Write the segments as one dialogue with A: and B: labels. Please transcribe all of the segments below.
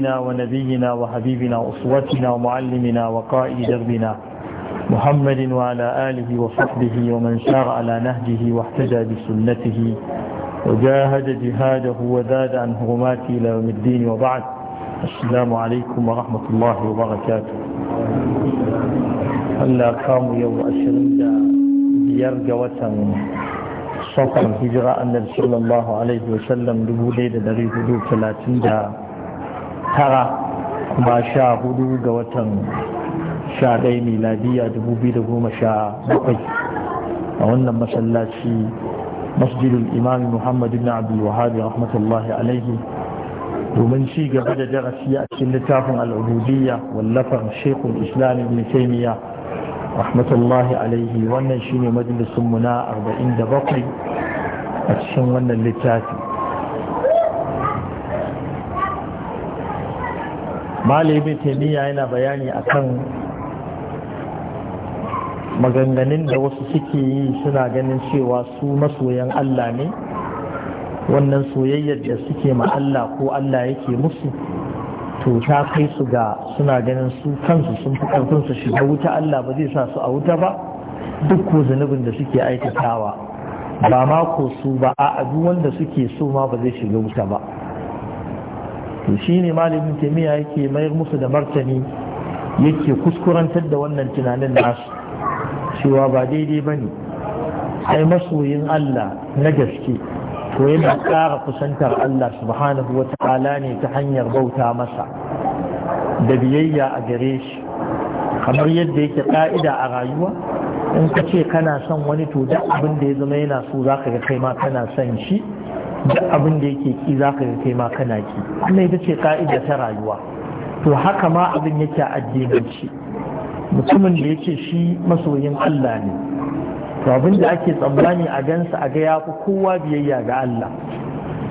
A: سيدنا ونبينا وحبيبنا وأسوتنا ومعلمنا وقائد دربنا محمد وعلى آله وصحبه ومن سار على نهجه واحتجى بسنته وجاهد جهاده وزاد عن هرمات إلى يوم الدين وبعد السلام عليكم ورحمة الله وبركاته ألا قام يوم أشرد يرجى وسن صفر هجرة أن hijira الله عليه وسلم لبوليد دريد ɗaya فلا تنجا tara kuma sha hudu ga watan sha ɗaya miladiya dubu biyu da goma sha bakwai a wannan masallaci masjidul imami muhammad ibn abdul wahabi rahmatullahi alaihi domin ci gaba da darasi a cikin littafin al'ubudiyya wallafar shekul islam ibn taymiya rahmatullahi alaihi wannan shine majalisun mu na 47 a cikin wannan littafi malibin taimiyya yana bayani akan maganganun da wasu suke yi suna ganin cewa su masoyan Allah ne wannan soyayyar da suke ma Allah ko Allah yake musu to ta kai su ga suna ganin su kansu sun fi karfin su shiga wuta Allah ba zai sa su a wuta ba duk ko zunubin da suke aikatawa ba ma ko su ba a duk wanda suke so ma ba zai shiga wuta ba to shi ne malamin taimiyya yake mayar musu da martani yake kuskurantar da wannan tunanin nasu cewa ba daidai ba ne ai masoyin Allah
B: na gaske
A: to yana ƙara kusantar Allah subhanahu wa ta'ala ne ta hanyar bauta masa da biyayya a gare shi kamar yadda yake ƙa'ida a rayuwa in ka ce kana son wani to duk abin da ya zama yana so za ka ga kai ma kana son shi duk abin da yake ki za ka kai ma kana ki wannan ita ce ka'ida ta rayuwa to haka ma abin yake addinanci mutumin da yake shi masoyin Allah ne to abin da ake tsammani a gansa a ga yafi kowa biyayya ga Allah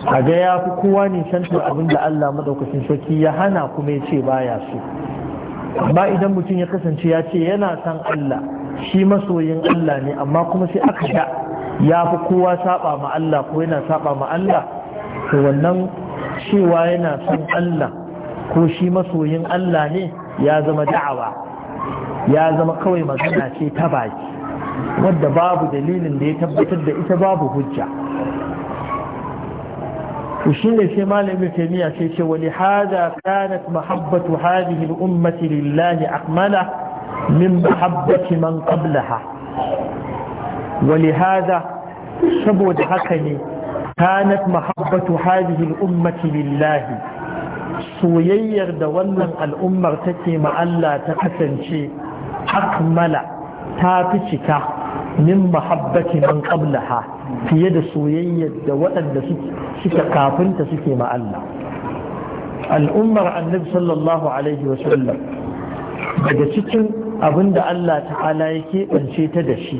A: a ga yafi kowa ne to abin da Allah madaukakin sarki ya hana kuma ya ce baya so amma idan mutum ya kasance ya ce yana san Allah shi masoyin Allah ne amma kuma sai aka ga ya fi kowa saba ma Allah ko yana saba ma Allah to wannan cewa yana son Allah ko shi masoyin Allah ne ya zama da'awa ya zama kawai magana ce ta baki wadda babu dalilin da ya tabbatar da ita babu hujja to ne sai malamin taymiya sai ce wali hada kanat mahabbatu hadhihi al-ummati lillahi akmala min mahabbati man qablaha ولهذا سبود حكني كانت محبة هذه الأمة لله soyayyar da wannan al'ummar take ma'alla ta kasance akmala ta fi cika min mahabbati man qablaha fiye da soyayyar da waɗanda suke kafinta suke ma'ala. al'ummar annabi sallallahu alaihi wasallam daga cikin abinda da Allah ta'ala ya keɓance ta da shi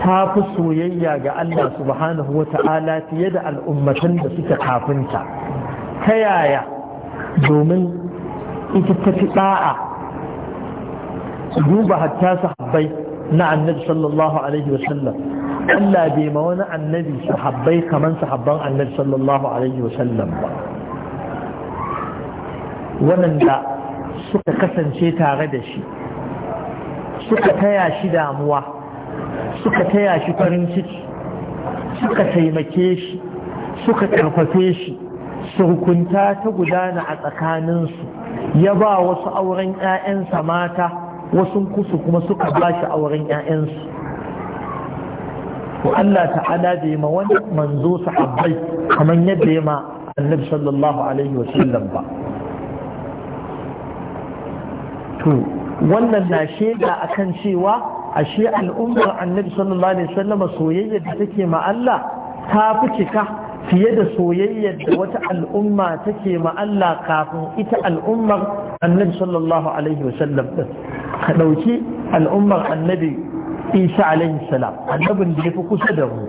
A: ta fi soyayya ga Allah subhanahu wa ta'ala fiye da al'ummatan da suka kafinta ta yaya domin ita ta fi ɗa'a duba hatta sahabbai na annabi sallallahu alaihi wasallam Allah bai ma wani annabi sahabbai kamar sahabban annabi sallallahu alaihi wasallam ba waɗanda suka kasance tare da shi suka taya shi damuwa suka taya shi farin ciki suka taimake shi suka karfafe shi surkunta ta gudana a tsakaninsu ya ba wasu auren 'ya'yansa mata wasu kusu kuma suka ba shi auren 'ya'yansu wa Allah ta'ala bai ma wani manzo sahabbai kamar yadda ya ma annabi sallallahu alaihi wa sallam ba to wannan na shaida akan cewa ashe al'ummar annabi sallallahu alaihi wasallam soyayyar da take ma Allah ta fi cika fiye da soyayyar da wata al'umma take ma Allah kafin ita al'ummar annabi sallallahu alaihi wasallam ka dauki al'ummar annabi Isa alaihi salam annabin da yafi kusa da mu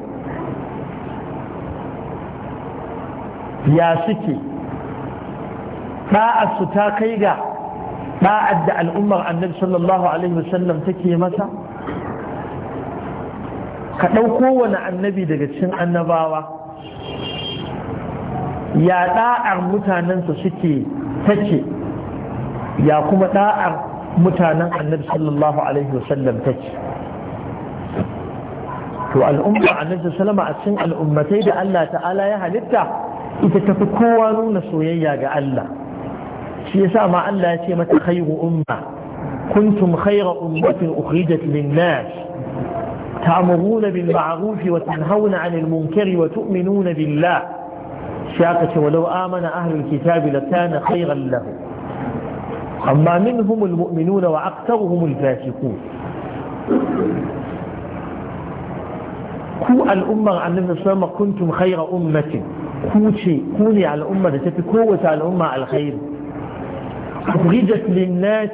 A: ya suke da'a su ta kai ga da'ad da al'ummar annabi sallallahu alaihi wasallam take masa ka ɗauko wani annabi daga cin annabawa ya ɗa'ar mutanensa suke take ya kuma ɗa'ar mutanen annabi sallallahu alaihi wasallam take
B: to al'umma
A: annabi salama a cikin al'ummatai da Allah ta'ala ya halitta ita tafi kowa nuna soyayya ga Allah shi ya sa ma Allah ya ce mata khairu umma kuntum khaira ummatin ukhrijat lin-nas تأمرون بالمعروف وتنهون عن المنكر وتؤمنون بالله شاكت ولو آمن أهل الكتاب لكان خيرا له أما منهم المؤمنون وأكثرهم الفاسقون كو الأمة عن النبي صلى الله كنتم خير أمة كوشي كوني على الأمة تفي قوة على الأمة على الخير أخرجت للناس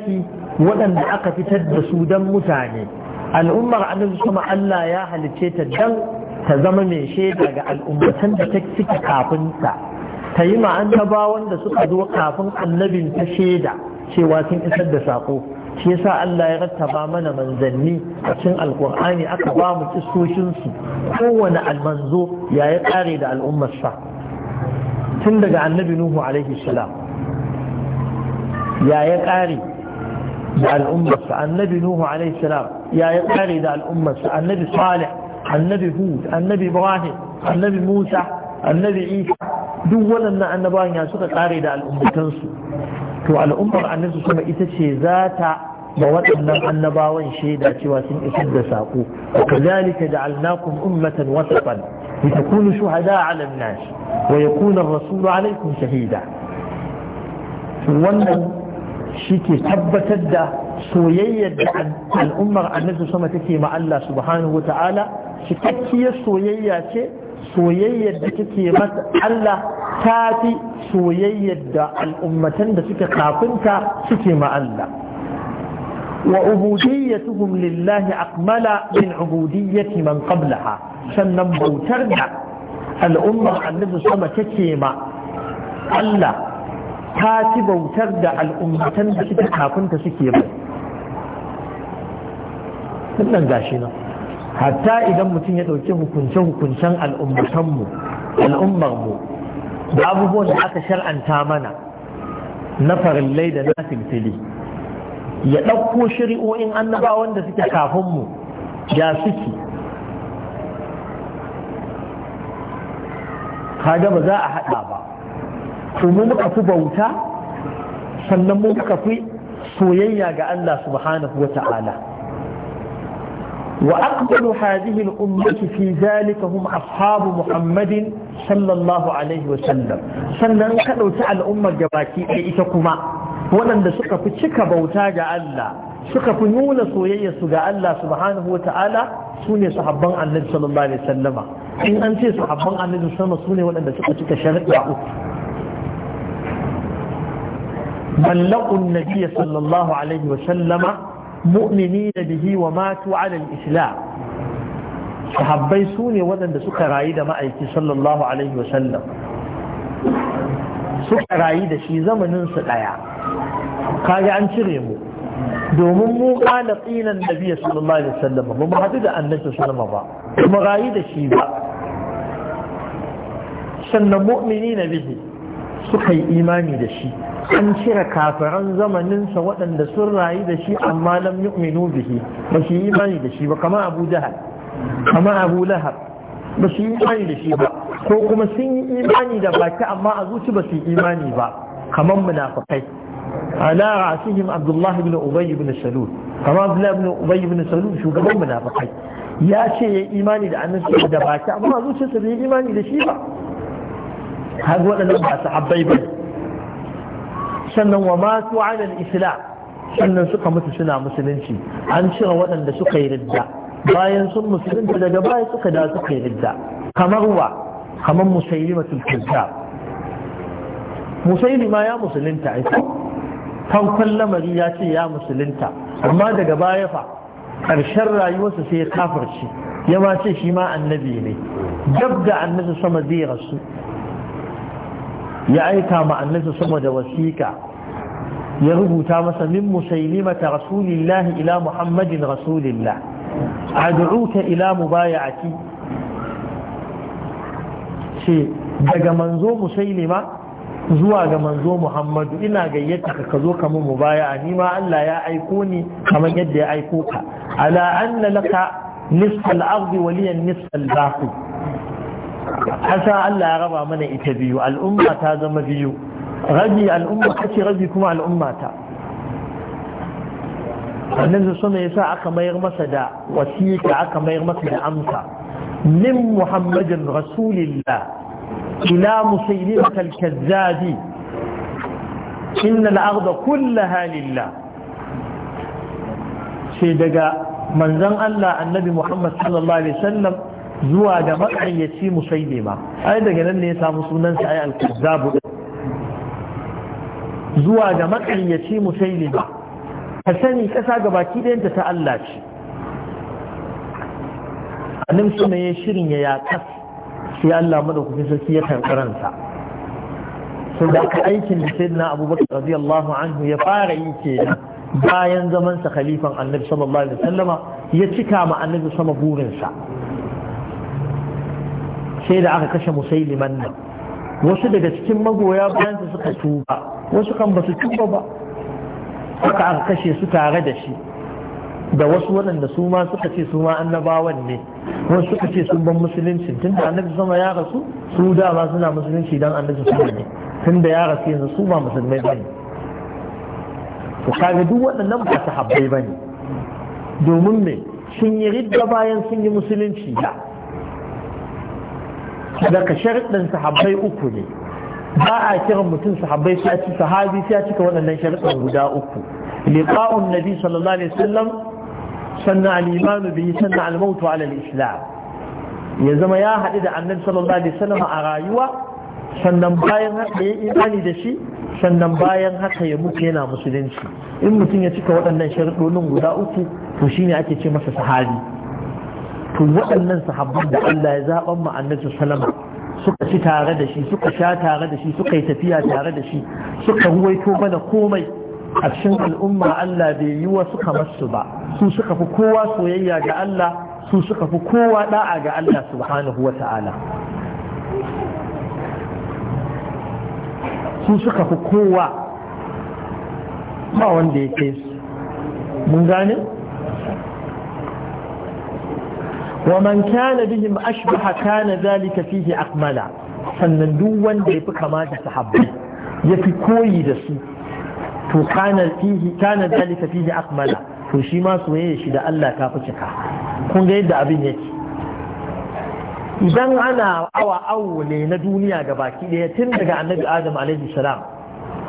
A: ولن أقفتت بسودا متعنين al'ummar annabi kuma Allah ya halice ta dan ta zama mai shaida ga al'ummatan da ta cika kafin sa ta yi ma'antabawan da suka zo kafin annabin ta shaida cewa sun isar da sako shi yasa Allah ya rattaba mana manzanni a cikin alkur'ani aka ba mu su kowane almanzo ya yi kare da al'ummarsa tun daga annabi nuhu alaihi salam ya yi kare دع الأمة النبي نوح عليه السلام يا إبعالي دع الأمة النبي صالح النبي هود النبي إبراهيم النبي موسى النبي عيسى دولا أن النبي يسوك قاري دع الأمة تنسو تو على أمة أن نفسه سمع إتشي ذاتا بوات أن النبي شيدا كواسين إسد ساقو وكذلك جعلناكم أمة وسطا لتكون شهداء على الناس ويكون الرسول عليكم شهيدا وانا shi ke tabbatar da soyayyar da al'ummar annabi sama take ma Allah subhanahu wa ta'ala cikakkiyar soyayya ce soyayyar da take masa Allah ta fi soyayyar da al'ummatan da suke kafinta suke ma Allah wa ubudiyyatuhum lillahi akmala min ubudiyyati man qablaha sannan bautar da al'ummar annabi sama take ma Allah ta ci bautar da al'ummatan da suke kafinta suke ba sannan gashi nan hatta idan mutum ya ɗauki hukunce-hukuncen al'ummatanmu al'ummarmu da abubuwan da aka shar'anta mana na farillai da na filfili ya ɗauko shari'o'in annabawan da suke kafinmu ya suke kaga ba za a haɗa ba to mu muka fi bauta sannan muka fi soyayya ga Allah subhanahu wa ta'ala وأقبل هذه الأمة في ذلك هم أصحاب محمد صلى الله عليه وسلم sannan ka ɗauki al'ummar gabaki ɗaya ita kuma waɗanda suka fi cika bauta ga Allah suka fi nuna soyayyarsu ga Allah subhanahu wa ta'ala su ne sahabban annabi sallallahu in an ce sahabban annabi sama su ne waɗanda suka cika sharaɗa uku ballaqu an-nabiy sallallahu alaihi wa sallama mu'minina bihi wa matu ala al-islam sahabbai waɗanda suka rayu da ma'aiki sallallahu alaihi wa sallam suka rayu da shi zamanin su an cire mu domin mu kana tsinan nabiya sallallahu alaihi wasallam ba mu haɗu da annabi sallallahu ba mu rayu da shi ba sannan mu'mini na bihi suka yi imani da shi an cire kafiran zamaninsa waɗanda sun rayu da shi amma lam yu'minu bihi ba shi imani da shi ba kama abu jahal kama abu lahab ba su yi imani da shi ba ko kuma sun yi imani da baki amma a zuci ba su yi imani ba kamar munafikai ala ra'asihim abdullahi ibn ubay ibn salul kama abdullahi ibn ubay ibn salul shugaban munafikai ya ce ya imani da annabi da baki amma a zuciyarsa bai yi imani da shi ba har waɗannan ba su sahabbai ba sannan wa masu alal islam sannan suka mutu suna musulunci an cire waɗanda suka yi ridda bayan sun musulunta daga baya suka da suka yi ridda kamar wa kamar musailima tulkinta musailima ya musulunta aiki farkon lamari ya ce ya musulunta amma daga baya fa ƙarshen rayuwarsa sai ya kafirce ya ma ce shi ma annabi ne dab da annabi sama zai rasu ya aika ma annabi saboda da wasiƙa ya rubuta masa min ta rasulillahi ila muhammadin rasulillah ad'uka ila mubaya'ati ce daga manzo musaylima zuwa ga manzo muhammadu ina gayyata ka ka zo ka mu mubaya'a ni ma Allah ya aiko ni kamar yadda ya aiko ka ala anna laka nisfa al-ardi wa liya nisfa baqi ƙasa Allah ya raba mana ita biyu al'umma ta zama biyu rabi al'umma kace rabi kuma al'umma ta wannan su ya yasa aka mayar masa da wasiƙa aka mayar masa da amsa min muhammadin rasulillah ila musaylimah al-kazzabi inna al-ardha kullaha lillah sai daga manzon Allah annabi Muhammad sallallahu alaihi wasallam zuwa ga makaryaci musailima ai daga nan ne ya samu sunan sa ai al-kazzabu zuwa ga ne ba, ka sani kasa ga baki ɗayanta ta Allah ce annabi sunan ya shirin ya yaƙas sai Allah madaukakin sarki ya sa sau da aka aikin da sayyidina abubakar radiyallahu anhu ya fara yi kenan bayan zamansa khalifan annabi sallallahu alaihi wasallama ya cika ma annabi sama burinsa sai da aka kashe musailiman nan wasu daga cikin magoya bayan su suka tuba wasu kan ba su tuba ba aka aka kashe su tare da shi da wasu waɗanda su ma suka ce su ma annabawan ne wasu suka ce sun ban musulunci tun da annabi sama ya rasu su dama suna musulunci don annabi sama ne tun da ya rasu yanzu su ba musulmai ba ne to kaga duk waɗannan ba su habbai ba ne domin me sun yi ridda bayan sun yi musulunci da daga sharuɗin sahabbai uku ne ba a kiran mutum sahabbai su a ci sahabi sai a cika waɗannan sharuɗin guda uku liqa'un nabi sallallahu alaihi wasallam sannan al-iman bihi sannan al-maut ala al-islam ya zama ya haɗu da annabi sallallahu alaihi wasallam a rayuwa sannan bayan haka ya imani da shi sannan bayan haka ya mutu yana musulunci in mutum ya cika waɗannan sharuɗonin guda uku to shine ake ce masa sahabi to waɗannan sahabban da Allah ya zaɓan mu annabi salama, suka ci tare da shi suka sha tare da shi suka yi tafiya tare da shi suka ruwaito mana komai a cikin al'umma Allah bai yi wa suka masu ba su suka fi kowa soyayya ga Allah su suka fi kowa da'a ga Allah subhanahu wa ta'ala
B: su suka fi kowa
A: ba wanda ya kai su mun gane? ومن كان بهم أشبه كان ذلك فيه أقملا sannan duk wanda yafi fi kama da sahabbai ya koyi da su to kana fihi kana akmala to shi ma soyayya shi da Allah ta cika kun ga yadda abin yake idan ana awa awo ne na duniya ga baki daya tun daga annabi adam alaihi salam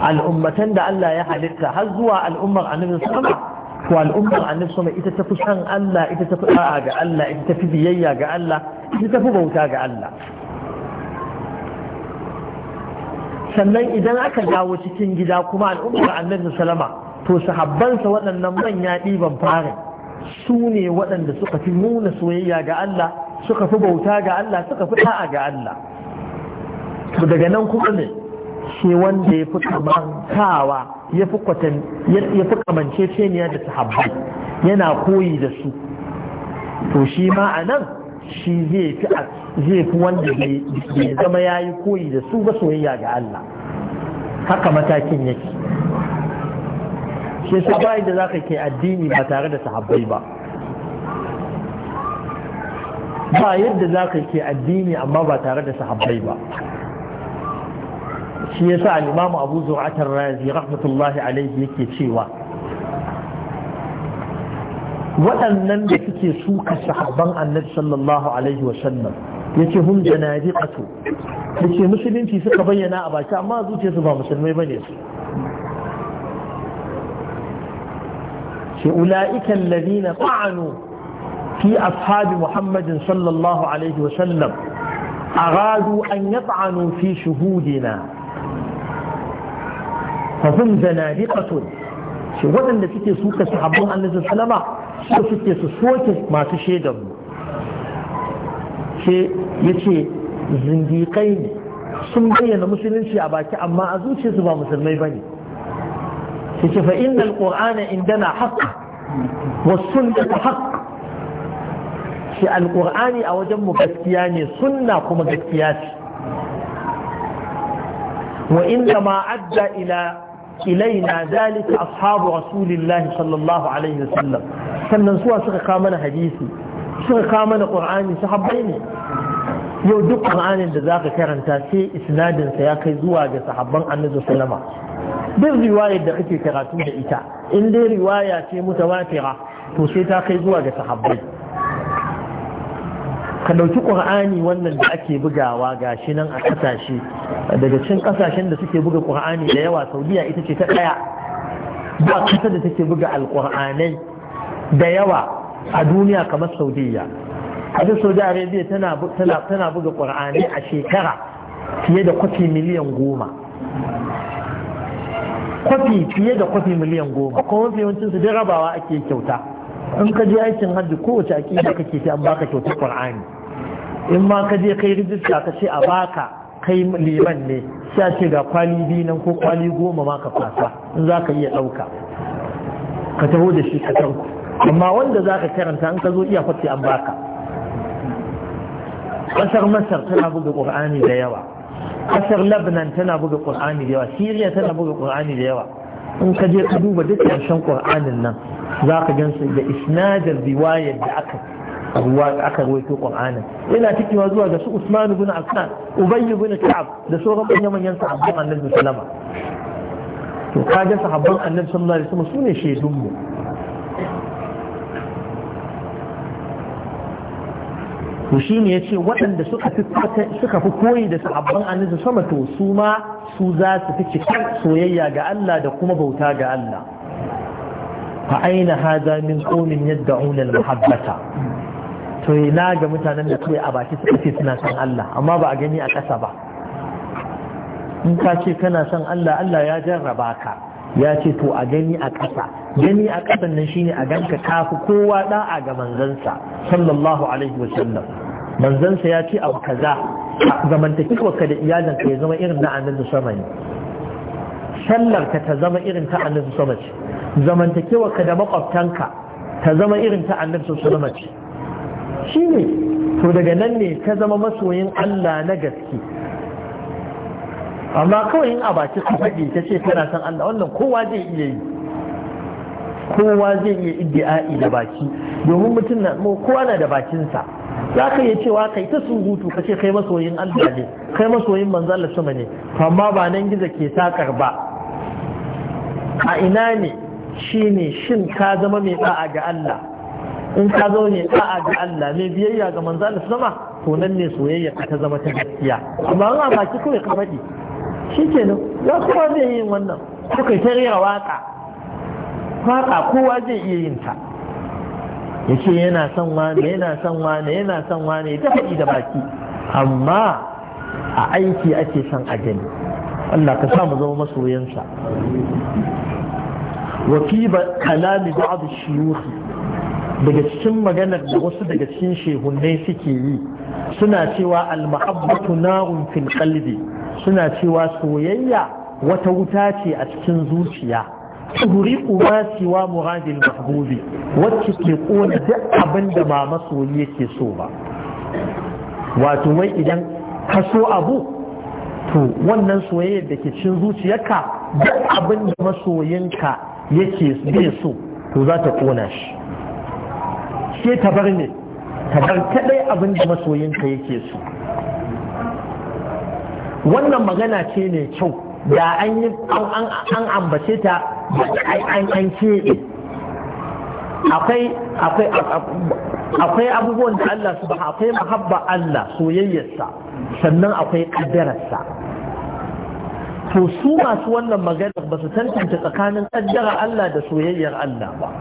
A: al'ummatan da Allah ya halitta har zuwa al'ummar annabi sallallahu to al'ummar annabi sama ita tafi san Allah ita tafi da'a ga Allah ita tafi biyayya ga Allah ita tafi bauta ga Allah sannan idan aka dawo cikin gida kuma al'ummar annabi salama to sahabbansa waɗannan manya ɗiban fara su ne waɗanda suka fi nuna soyayya ga Allah suka fi bauta ga Allah suka fi da'a ga Allah to daga nan kuma ne shi wanda ya fi kamantawa ya fi kwatan ya fi kamance ceniya da sahabbai yana koyi da su to shi ma a nan shi zai fi wanda bai zama ya yi koyi da su ba soyayya ga Allah
B: haka matakin yake shi yasa bayan
A: da zaka ke addini ba tare da sahabbai ba ba yadda zaka ke addini amma ba tare da sahabbai ba shi yasa al-imam abu zu'atar razi rahmatullahi alaihi yake cewa waɗannan da suke suka sahabban annabi sallallahu alaihi wa sallam yace hum da ke musulunci suka bayyana a baki amma zuciyarsu ba musulmai bane su ce ula'ika alladhina ta'anu fi ashabi muhammadin sallallahu alaihi wa sallam aradu an yat'anu fi shuhudina fahim zanadiqatun shi waɗanda suke suka sahabbun annabi sallama su suke su soke masu shaidan mu ce yace zindiƙai ne sun bayyana musulunci a baki amma a su ba musulmai bane yace fa innal qur'ana indana haqq was sunnatu haqq shi alqur'ani a wajen mu gaskiya ne sunna kuma gaskiya ce wa inda ma adda ila ilaina zalika ashabu rasulillahi sallallahu alaihi wasallam sannan suwa suka kawo mana hadisi suka kawo mana qur'ani sahabbai ne yau duk qur'anin da zaka karanta sai isnadin sa ya kai zuwa ga sahabban annabi sallama duk riwayar da kake karatu da ita in dai riwaya ce mutawatira to sai ta kai zuwa ga sahabbai ka ɗauki ƙur'ani wannan da ake bugawa ga shi nan a ƙasashe daga cikin ƙasashen da suke buga ƙur'ani da yawa saudiya ita ce ta ɗaya ba ƙasar da take buga alƙur'anai da yawa a duniya kamar saudiya ƙasar saudi arabia tana buga ƙur'anai a shekara fiye da kwafi miliyan goma kwafi fiye da kwafi miliyan goma kuma mafi yawancinsu duk rabawa ake kyauta in ka je aikin hajji kowace aƙida kake ta an baka kyautar qur'ani in ma ka je kai rijista ka ce a baka kai liman ne sai ce ga kwali biyu nan ko kwali goma ma ka fasa in za ka iya ɗauka ka taho da shi ka tanku amma wanda za ka karanta in ka zo iya fatti an baka
B: ƙasar masar
A: tana buga ƙur'ani da yawa ƙasar Labnan tana buga ƙur'ani da yawa syria tana buga ƙur'ani da yawa in ka je ka duba duk ƙarshen ƙur'anin nan za ka gan su da isnadar riwayar da aka aka ruwa aka ruwaito qur'anin yana cikewa zuwa ga su usman ibn affan ubay ibn ka'ab da sauran manyan manyan sahabban annabi sallama to kaje sahabban annabi sallallahu alaihi wasallam sune shaidun mu to shi ne ya ce waɗanda suka fi koyi da sahabban annabi sama to su ma su za su fi cikin soyayya ga Allah da kuma bauta ga Allah fa aina haza min qawmin yad'una al-muhabbata to na ga mutanen da kawai a baki suka ce suna son Allah amma ba a gani a ƙasa ba in ka ce kana son Allah Allah ya jarraba ka ya ce to a gani a ƙasa gani a ƙasan nan shine a ganka kafi kowa da'a ga manzansa sallallahu alaihi wasallam manzansa ya ce abu kaza zamantakewa ka da iyalinka ya zama irin na annabi sama ne sallar ka ta zama irin ta annabi sama ce zamantakewa ka da makwabtanka ta zama irin ta annabi sama ce shi ne to daga nan ne ka zama masoyin Allah na gaske amma kawai in a baki ka faɗi ta ce tana san Allah wannan kowa zai iya yi kowa zai iya iddi'a'i da baki domin mutum na kowa na da bakinsa za ka iya cewa kai ta surutu ka ce kai masoyin Allah ne kai masoyin manzo Allah sama ne amma ba nan gizo ke sakar ba a ina ne shine shin ka zama mai ba'a ga Allah in ka zo ne da'a ga Allah mai biyayya ga manzo Allah sama to nan ne soyayya ta zama ta gaskiya amma a ki kai ka faɗi shikenan ya kuma zai yin wannan kuka ta rera waka waka kowa zai iya yin ta yace yana son wani yana son wani yana son wani ta faɗi da baki amma a aiki ake son a gani Allah ka sa mu zama masoyansa wa fi kalami ba'd shuyukh daga cikin maganar da wasu daga cikin shehunnai suke yi suna cewa al-mahabbatu na'un fil qalbi suna cewa soyayya wata wuta ce a cikin zuciya tuhuri kuma siwa muradil mahbubi wacce ke kona duk abin da ba masoyi yake so ba wato wai idan ka so abu to wannan soyayyar da ke cikin zuciyarka duk abin da masoyinka yake so to za ta kona shi ce ta bar ne ta bar kadai abin da masoyinka yake so wannan magana ce ne kyau da an yi an ambace ta an keɓe akwai akwai akwai abubuwan da Allah su akwai mahabba Allah soyayyarsa sannan akwai ƙaddararsa to su masu wannan magana ba su tantance tsakanin kaddara Allah da soyayyar Allah ba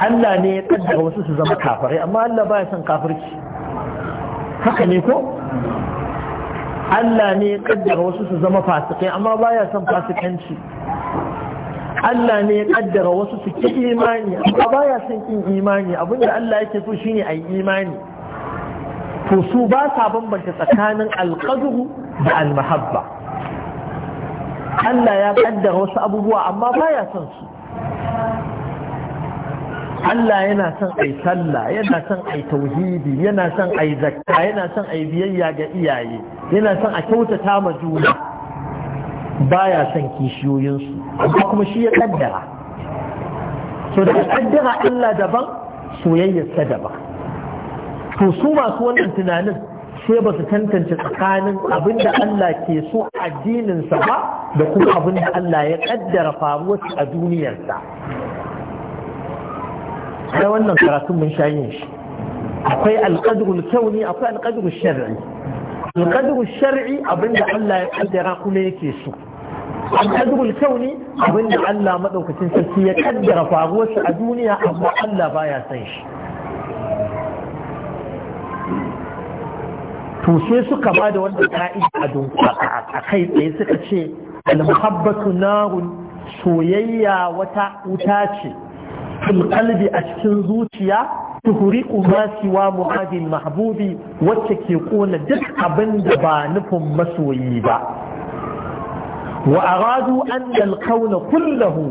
A: Allah ne ya kaddara wasu su zama kafirai amma Allah baya son kafirci haka ne ko Allah ne ya kaddara wasu su zama fasikai amma ba ya son fasikanci Allah ne ya kaddara wasu su ki imani amma ba ya son kin imani abinda Allah yake so shine yi imani to su ba sa bambanta tsakanin alƙaduru da almahabba Allah ya kaddara wasu abubuwa amma ba ya son su Allah yana son ai sallah yana son ai tauhidi yana son ai zakka yana son ai biyayya ga iyaye yana son a kyautata ma juna baya son kishiyoyinsu amma kuma shi ya kaddara so da kaddara Allah daban soyayyarsa daban to su masu wannan tunanin sai ba su tantance tsakanin abin da Allah ke so addininsa ba da kuma abin da Allah ya kaddara faruwarsa a duniyarsa sai wannan karatun mun sha yin shi akwai alqadrul kauni akwai alqadrul shar'i alqadrul shar'i abinda Allah ya kaddara kuma yake so alqadrul kauni abinda Allah madaukakin sarki ya kaddara faruwar shi a duniya amma Allah baya san shi to sai suka ba da wannan ka'ida a dunkula a kai tsaye suka ce al-muhabbatu narun soyayya wata wuta ce fil kalbi a cikin zuciya tuhuri ma wa muhadin mahbubi wacce ke kona duk abin da ba nufin masoyi ba wa aradu an alkauna kullahu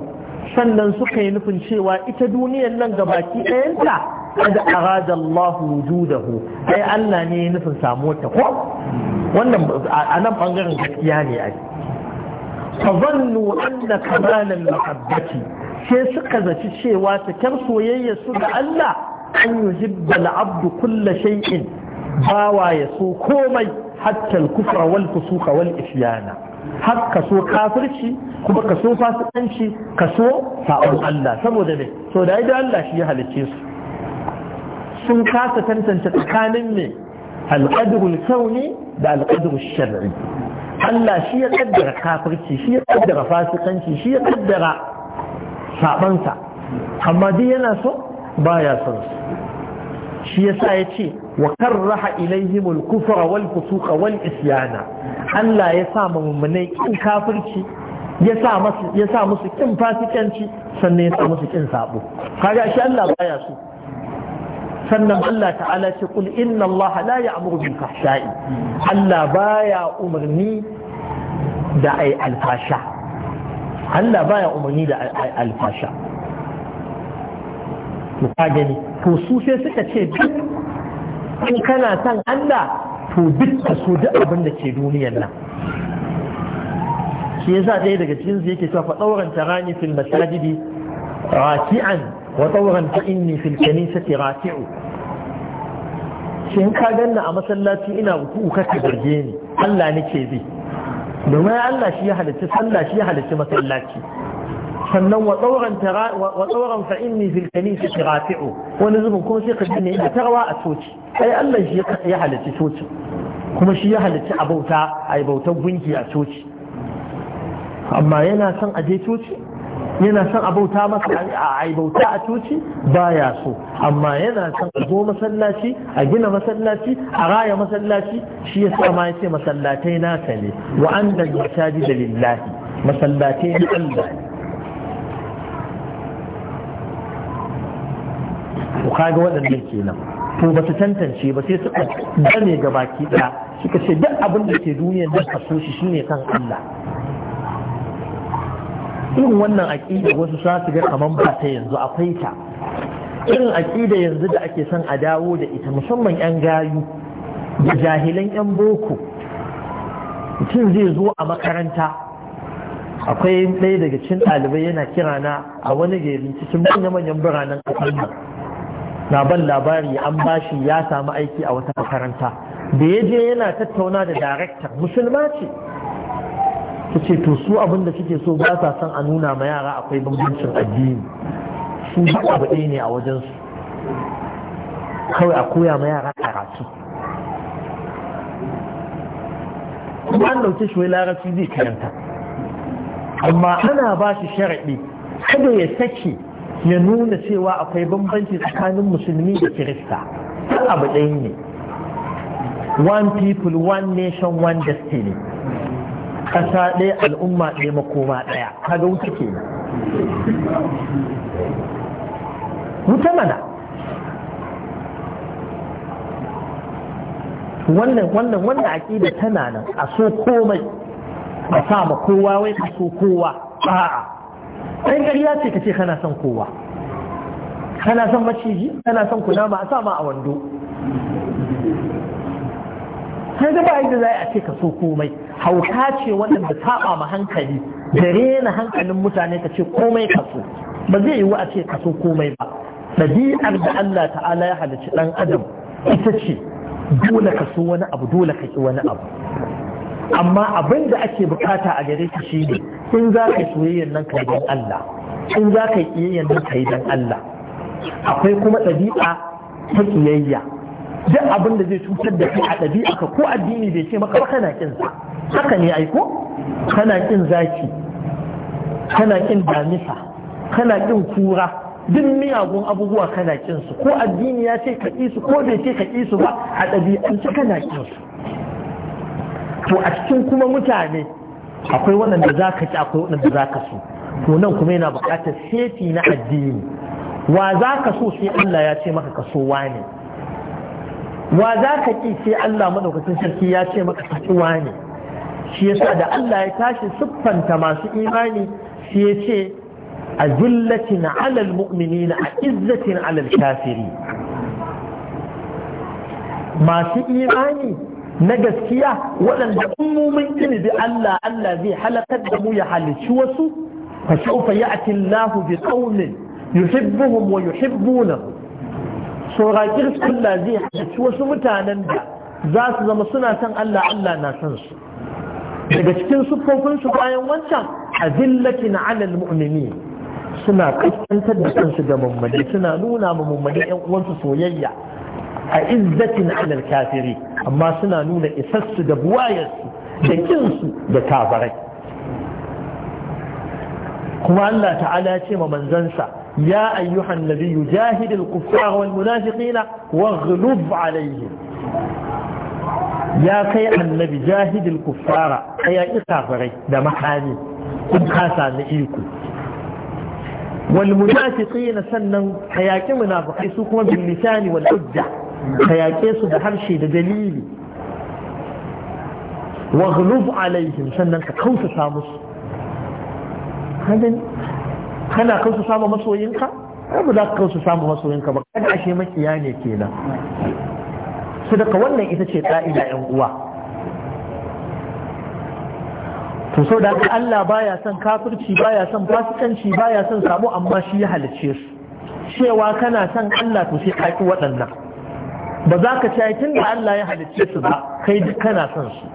A: sannan suka yi nufin cewa ita duniyar nan gabaki ɗayanta kada arada Allah wujudahu ai Allah ne ya nufin samuwar ta ko wannan a nan bangaren gaskiya ne ai fazannu anna kamal al sai suka zaci cewa ta kar soyayya su da Allah an yuhibba al-abd kull shay'in bawa ya so komai hatta al-kufra wal fusuq wal ifyana har ka so kafirci kuma ka so fasikanci ka so sa'on Allah saboda me so da idan Allah shi ya halice su sun kasa tantance tsakanin mai al-qadru al da al-qadru Allah shi ya kaddara kafirci shi ya kaddara fasikanci shi ya kaddara sabansa amma dai yana so baya son su shi sa ya ce wa karraha al kufra wal fusuqa wal isyana Allah ya sa mummunai kin kafirci ya sa musu kin fasikanci sannan ya sa musu kin sabo
B: kaga shi Allah baya so
A: sannan Allah ta'ala ce kul inna Allah la ya'muru bil fahsha'i Allah baya umarni da ai alfasha Allah baya umarni da ai alfasha mu ka gani to su sai suka ce duk in kana son Allah to duk ka so duk abin da ke duniyar nan shi yasa ɗaya daga cikin su yake cewa fa tsauran tarani fil masajidi raki'an وطورا فإني في الكنيسة راكع shin ka ganna a masallaci ina ruku ka garge ni Allah nake bi domin Allah shi ya halicci sallah shi ya halicci masallaci sannan wa tsauran wa tsauran fa inni fil kanisa rafi'u wani zubin kuma sai ka ganni ina tarwa a toci ai Allah shi ya halicci toci kuma shi ya halicci abauta ai bautar gunki a toci amma yana son aje toci yana son abauta masa a aibauta a coci baya so amma yana son a zo masallaci a gina masallaci a raya masallaci shi ya sama ma ce masallatai nasa ne wa anda da lillahi masallatai na Allah ku kaga waɗannan kenan to ba su tantance ba sai suka game gabaki ɗaya suka ce duk abin da ke duniyar nan kaso shi shine kan Allah irin wannan aƙida wasu za su ga kamar ba ta yanzu akwai ta irin aƙida yanzu da ake son a dawo da ita musamman 'yan gayu da jahilan 'yan boko mutum zai zo a makaranta akwai ɗaya daga cikin ɗalibai yana kira na a wani gari cikin manya-manyan biranen ƙasar nan na ban labari an bashi ya samu aiki a wata makaranta da ya je yana tattauna da daraktar musulma ce ta ce to su abin da suke so ba sa son a nuna ma yara akwai bambancin addini su ba abu ɗaya ne a wajensu kawai a koya ma yara karatu kuma an dauke shi wai larabci zai karanta amma ana ba shi sharaɗi kada ya sake ya nuna cewa akwai bambanci tsakanin musulmi da kirista abu ɗaya ne one people one nation one destiny ƙasa ɗaya al'umma ɗaya makoma ɗaya kaga wuta ke wuta mana wannan wannan wannan aƙida tana nan a so komai a sa ma kowa wai a so kowa a'a ɗan ƙarya ce ka ce kana son kowa kana son maciji kana son kunama a sa ma a wando sai da ba yadda za a ce ka so komai hauka ce waɗanda saba ma hankali da rena hankalin mutane ka ce komai ka so ba zai yiwu a ce ka so komai ba ɗabi'ar da Allah ta'ala ya halicci ɗan adam ita ce dole ka so wani abu dole ka ki wani abu amma abin da ake bukata a gare ka shine in za ka yi soyayyen nan Allah in za ka yi kiyayyen nan dan Allah akwai kuma ɗabi'a ta kiyayya duk abin da zai cutar da kai a ɗabi'a ko addini bai ce maka ba kana kin haka ne ko kana kin zaki kana kin damisa kana kin kura duk miyagun abubuwa kana kin su ko addini ya ce ka ki su ko bai ce ka ki su ba a ɗabi'ance kana kin su to a cikin kuma mutane akwai waɗanda za ka ci akwai waɗanda za ka so to nan kuma yana buƙatar sefi na addini wa za ka so sai Allah ya ce maka ka so wa za ka ƙi sai Allah maɗaukacin sarki ya ce maka taƙiwa ne shi yasa da Allah ya tashi siffanta masu imani shi ya ce a zillatin alal mu'minina a izzatin alal kafiri masu imani na gaskiya waɗanda ummumin ilimi Allah Allah zai halakar da mu ya halicci wasu fa sawfa ya'ti Allahu bi qaumin yuhibbuhum wa yuhibbunahu saurakin kulla zai halarci wasu mutanen da za su zama suna son Allah Allah na san su daga cikin siffofinsu bayan wancan na alal mu'mini suna kaskantar da kansu da mummadi suna nuna ma mummadi yan uwansu soyayya a izzatin alal kafiri amma suna nuna isassu da buwayarsu da kinsu da tabarai. kuma Allah ta'ala ce ma manzansa يا أيها النبي جاهد الكفار والمنافقين واغلب عليهم يا كي النبي جاهد الكفار أي إكافري دمحاني محاني كن خاسا نئيكو والمنافقين سنن حياكي منافقي سوكما باللسان والعجة حياكي سو ده هرشي ده واغلب عليهم سنن كخوص سامس هذا kana kan su samu masoyinka ai ba za ka kan su samu masoyinka ba kada ashe makiya ne kenan su daga wannan ita ce ka'ida yan uwa to so da Allah baya son kafirci baya son fasikanci baya son sabo amma shi ya halicce su cewa kana son Allah to sai kaki waɗannan ba za ka ci tun da Allah ya halicce su ba kai duk kana son su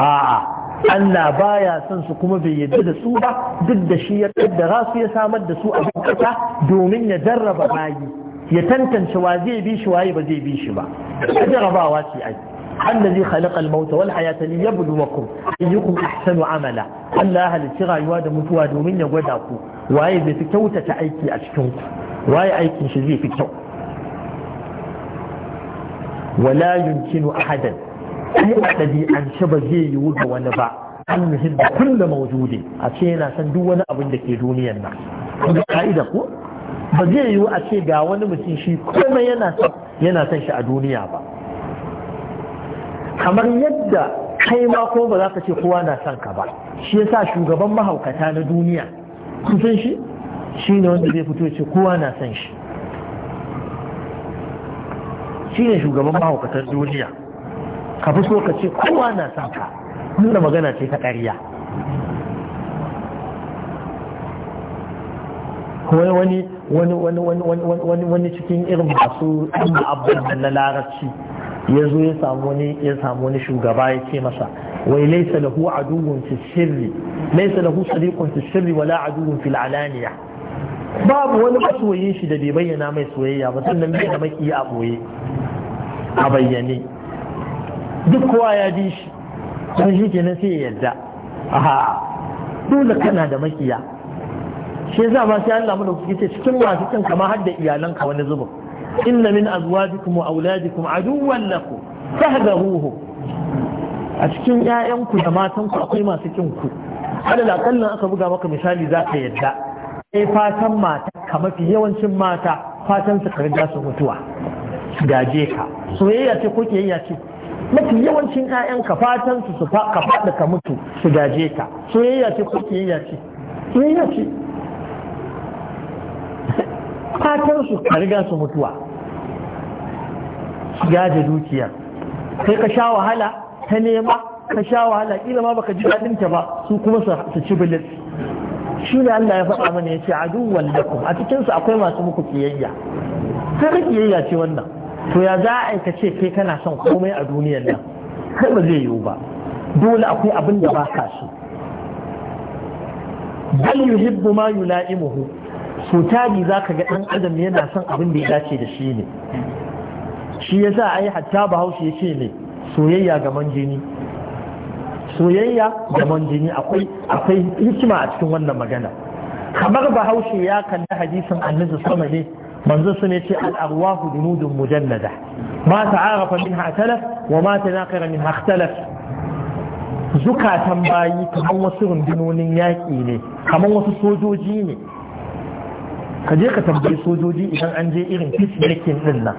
A: a'a Allah baya son su kuma bai yadda da su ba duk da shi ya kaddara su ya samar da su a kasa domin ya jarraba bayi ya tantance wa zai bi waye ba zai bi shi ba jarrabawa ce ai الذي خلق الموت والحياة ليبلوكم أيكم أحسن عملا Allah ya halicci rayuwa da mutuwa domin ya gwada ku waye bai fi kyautata aiki a cikin waye aikin shi zai fi kyau wala yumkinu ahadan sai a ɗabi'ance ba zai yiwu ga wani ba an yuhibbu kulle mawjudin a ce yana san duk wani abin da ke duniyar nan kuma ka'ida ko ba zai yiwu a ce ga wani mutum shi komai yana son yana shi a duniya ba kamar yadda kai ma ko ba za ka ce kowa na son ka ba shi yasa shugaban mahaukata na duniya kun san shi shi ne wanda zai fito ce kowa na son shi shi ne shugaban mahaukatan duniya ka fi so ka ce kowa na sa ka nuna magana ce ta ƙariya wani wani wani cikin irin masu ɗan abubuwan na larabci ya zo ya samu wani ya samu wani shugaba ya ce masa wai laisa lahu aduwwun fi sirri laisa lahu sadiqun fi sirri wala aduwwun fil alaniya babu wani masoyin shi da bai bayyana mai soyayya ba sannan bai da maki a boye a bayyane duk kowa ya ji shi don shi kenan sai ya yarda aha dole kana da makiya shi yasa ma sai Allah mu da kuke cikin masu kin kama har da iyalanka wani zubin inna min azwajikum wa auladikum aduwwan lakum fahdahuhu a cikin 'ya'yanku da matanku akwai masu kin ku alal akallan aka buga maka misali za ka yadda sai fatan mata ka mafi yawancin mata fatan su karga su mutuwa gaje ka soyayya ce ko kiyayya ce mafi yawancin 'ya'yanka fatan su su ka faɗi ka mutu su gaje ka soyayya ce ko kiyayya ce soyayya ce fatan su ka riga su mutuwa su gaje dukiya sai ka sha wahala ta nema ka sha wahala kila ma baka ji daɗin ta ba su kuma su ci bilis shi ne Allah ya faɗa mana ya ce aduwwan lakum a cikinsu akwai masu muku kiyayya sai kiyayya ce wannan to ya za a ka ce kai kana son komai a duniyar nan kai ba zai yiwu ba dole akwai abin da ba ka so bal yuhibbu ma yula'imuhu so tabi za ka ga dan adam yana son abin da ya dace da shi ne shi yasa sa ai hatta bahaushe ya ce ne soyayya ga manjini soyayya ga manjini akwai akwai hikima a cikin wannan magana kamar bahaushe ya kalli hadisin annabi sama ne manzo su ne ce al'arwahu junudun mujannada ma ta'arafa min ha'talaf wa ma tanaqara min ha'talaf zukatan bayi kamar wasu rundunonin yaƙi ne kamar wasu sojoji ne ka je ka tambayi sojoji idan an je irin peacemaking din nan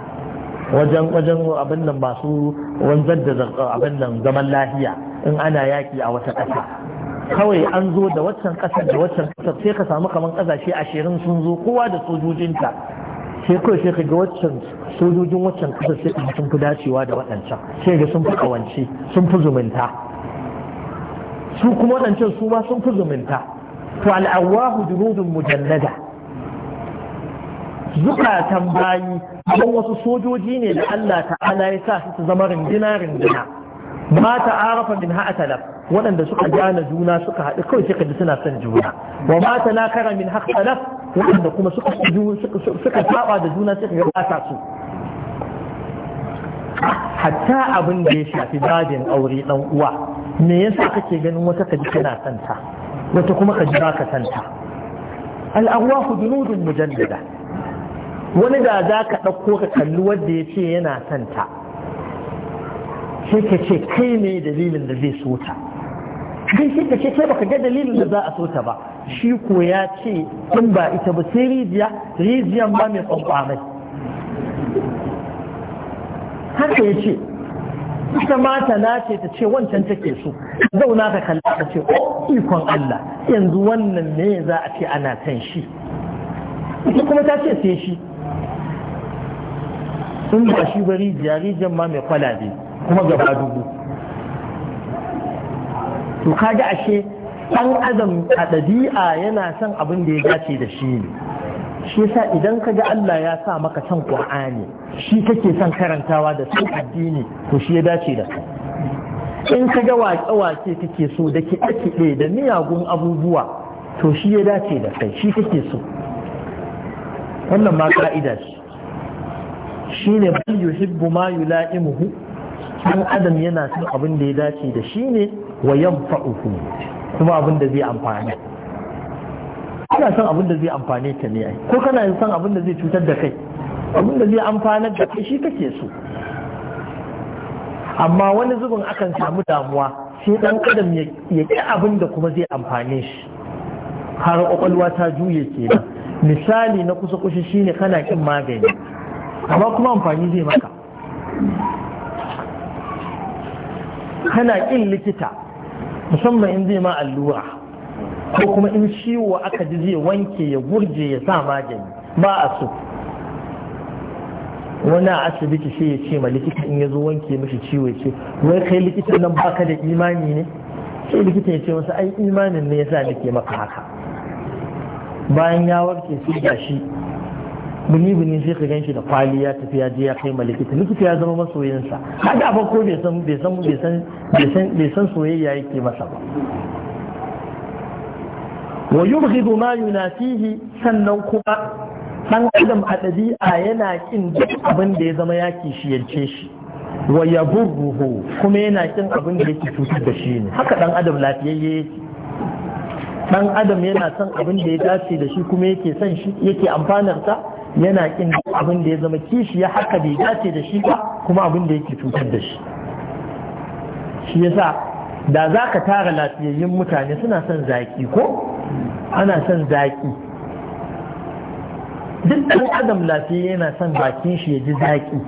A: wajen wajen abin nan masu wanzar da abin nan zaman lafiya in ana yaƙi a wata ƙasa kawai an zo da waccan ƙasar da waccan ƙasar sai ka samu kamar ƙasashe ashirin sun zo kowa da sojojinta sai kawai sai ka ga waccan sojojin waccan kasar sai kuma sun fi dacewa da waɗancan sai ga sun fi kawance sun fi zumunta su kuma waɗancan su ma sun fi zumunta to al'awahu junudun mujallada zukatan bayi don wasu sojoji ne da Allah ta'ala ya sa su zama rindina rindina ma ta'arafa min ha'a talaf waɗanda suka gane juna suka haɗu kawai suka ji suna son juna wa ma tanakara min ha'a talaf waɗanda kuma suka suka saba da juna suka ga ba su hatta abin da ya shafi babin aure dan uwa me yasa kake ganin wata kaji kana santa wata kuma kaji ba ka santa al'arwahu junudun mujallada wani da za ka ɗauko ka kalli wanda ya ce yana santa sai ka ce kai ne dalilin da zai sota kai sai ka ce kai baka ga dalilin da za a sota ba shi ko ya ce in ba ita ba sai rijiya rijiyan ba mai kwankwamai haka ya ce ita mata na ce ta ce wancan take so zauna ka kalla ka ce oh, ikon Allah yanzu wannan ne za a ce ana kan shi ita kuma ta ce sai shi in ba shi ba rijiya rijiyan ma mai kwalabe kuma gaba dubu to kaga ashe ɗan adam a ɗabi'a yana son abin da ya dace da shi ne shi yasa idan ka ga Allah ya sa maka son Qur'ani shi kake son karantawa da son addini to shi ya dace da kai in ka ga waƙe-waƙe kake so da kiɗe-kiɗe da miyagun abubuwa to shi ya dace da kai shi kake so wannan ma ka'ida shi shine ban yuhibbu ma yula'imuhu dan adam yana son abin da ya dace da shi ne wa yanfa'uhu kuma abin da zai amfani kana son abin da zai amfane ka ne ai ko kana son abin da zai cutar da kai abin da zai amfanar da kai shi kake so amma wani zubin akan samu damuwa sai dan adam ya ƙi abin da kuma zai amfane shi har ƙwaƙwalwa ta juye nan misali na kusa kushi shine kana kin magani amma kuma amfani zai maka kana ƙin likita musamman in zai ma allura ko kuma in ciwo aka ji zai wanke ya gurje ya sa magani ba a so wani a asibiti sai ya ce ma likita in ya zo wanke mashi ciwo ya ce wai kai likitan nan baka da imani ne sai likita ya ce masa ai imanin ne ya yasa nake maka haka bayan ya warke sai shi. bini-bini sai ka ganshi da kwali ya tafi ya je ya kai ma likita likita ya zama masoyinsa haka a farko bai san bai san bai san bai san soyayya yake masa ba wa yubghidu ma yunafihi sannan kuma dan adam a dabi'a yana kin duk abin da ya zama ya kishiyance shi wa yaburruhu kuma yana kin abin da yake cutar da shi ne haka dan adam lafiyayye yake Ɗan adam yana son abin da ya dace da shi kuma yake son shi yake amfanar yana kin abin da ya zama kishi ya haka bai dace da shi ba kuma abin da yake cutar da shi shi yasa da za ka tara lafiyayyun mutane suna son zaki ko ana son zaki duk ɗan adam lafiya yana son bakin shi ya ji zaki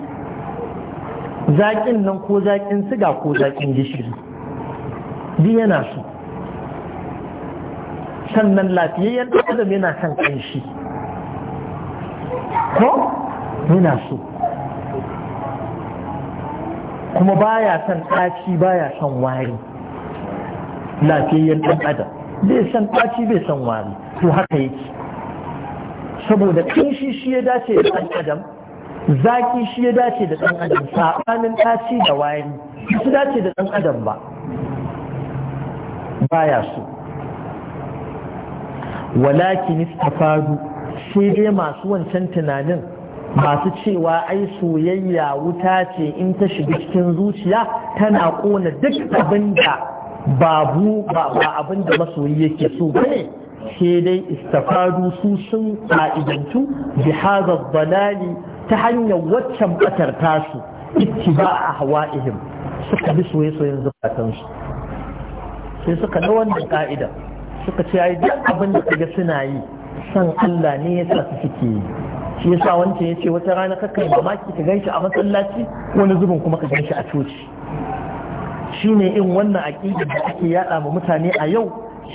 A: zakin nan ko zakin siga ko zakin gishiri duk yana so sannan lafiyayyen ɗan adam yana kan ƙanshi ko yana so kuma baya san ɗaci baya san wari lafiyayyen ɗan adam bai san ɗaci bai san wari to haka yake saboda ƙanshi shi ya dace da ɗan adam zaki shi ya dace da ɗan adam saɓanin ɗaci da wari su dace da ɗan adam ba baya so walakin istafadu sai dai masu wancan tunanin masu cewa ai soyayya wuta ce in ta shiga cikin zuciya tana kona duk abin da babu ba abin da masoyi yake so bane sai dai istafadu su sun ka'idantu bi hadha dalali ta hanyar waccan batar tasu ittiba ahwa'ihim suka bi soyayyen zakatansu sai suka da wannan ka'idar suka ce ai duk abin da kaga suna yi san Allah ne yasa su suke yi shi yasa wancan yace wata rana ka kai mamaki ka ganshi a masallaci wani zubin kuma ka ganshi a coci shine in wannan aqidar da ake yada ma mutane a yau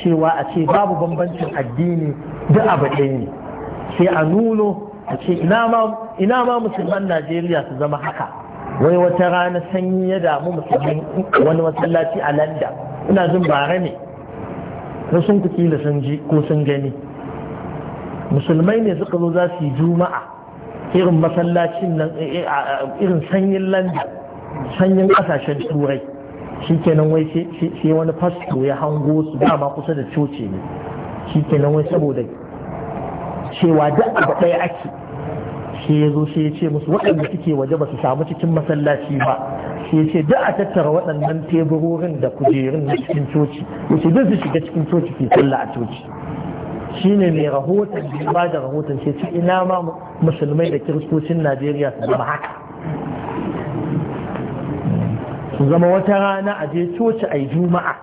A: cewa a ce babu bambancin addini duk abu ɗaya ne sai a nuno a ce ina ma musulman Najeriya su zama haka wai wata rana sanyi ya damu musulmi wani masallaci a Landa ina jin bare ne sun kuki da sun ji ko sun gani musulmai ne suka zo za su yi juma'a irin masallacin nan eh, eh, irin sanyin landa, sanyin kasashen turai shikenan wai sai wani fasto ya hango su dama kusa da coci ne shikenan wai saboda cewa duk abu ɗaya ake sai ya zo sai ya ce musu waɗanda suke waje ba su samu cikin masallaci ba Sai ya ce duk a tattara waɗannan teburorin da kujerun na cikin coci ya ce duk su shiga cikin coci ke sallah a coci shi ne mai rahoton da ba da rahoton ce ce ina ma musulmai da kiristocin najeriya su zama haka su zama wata rana a je coci a juma'a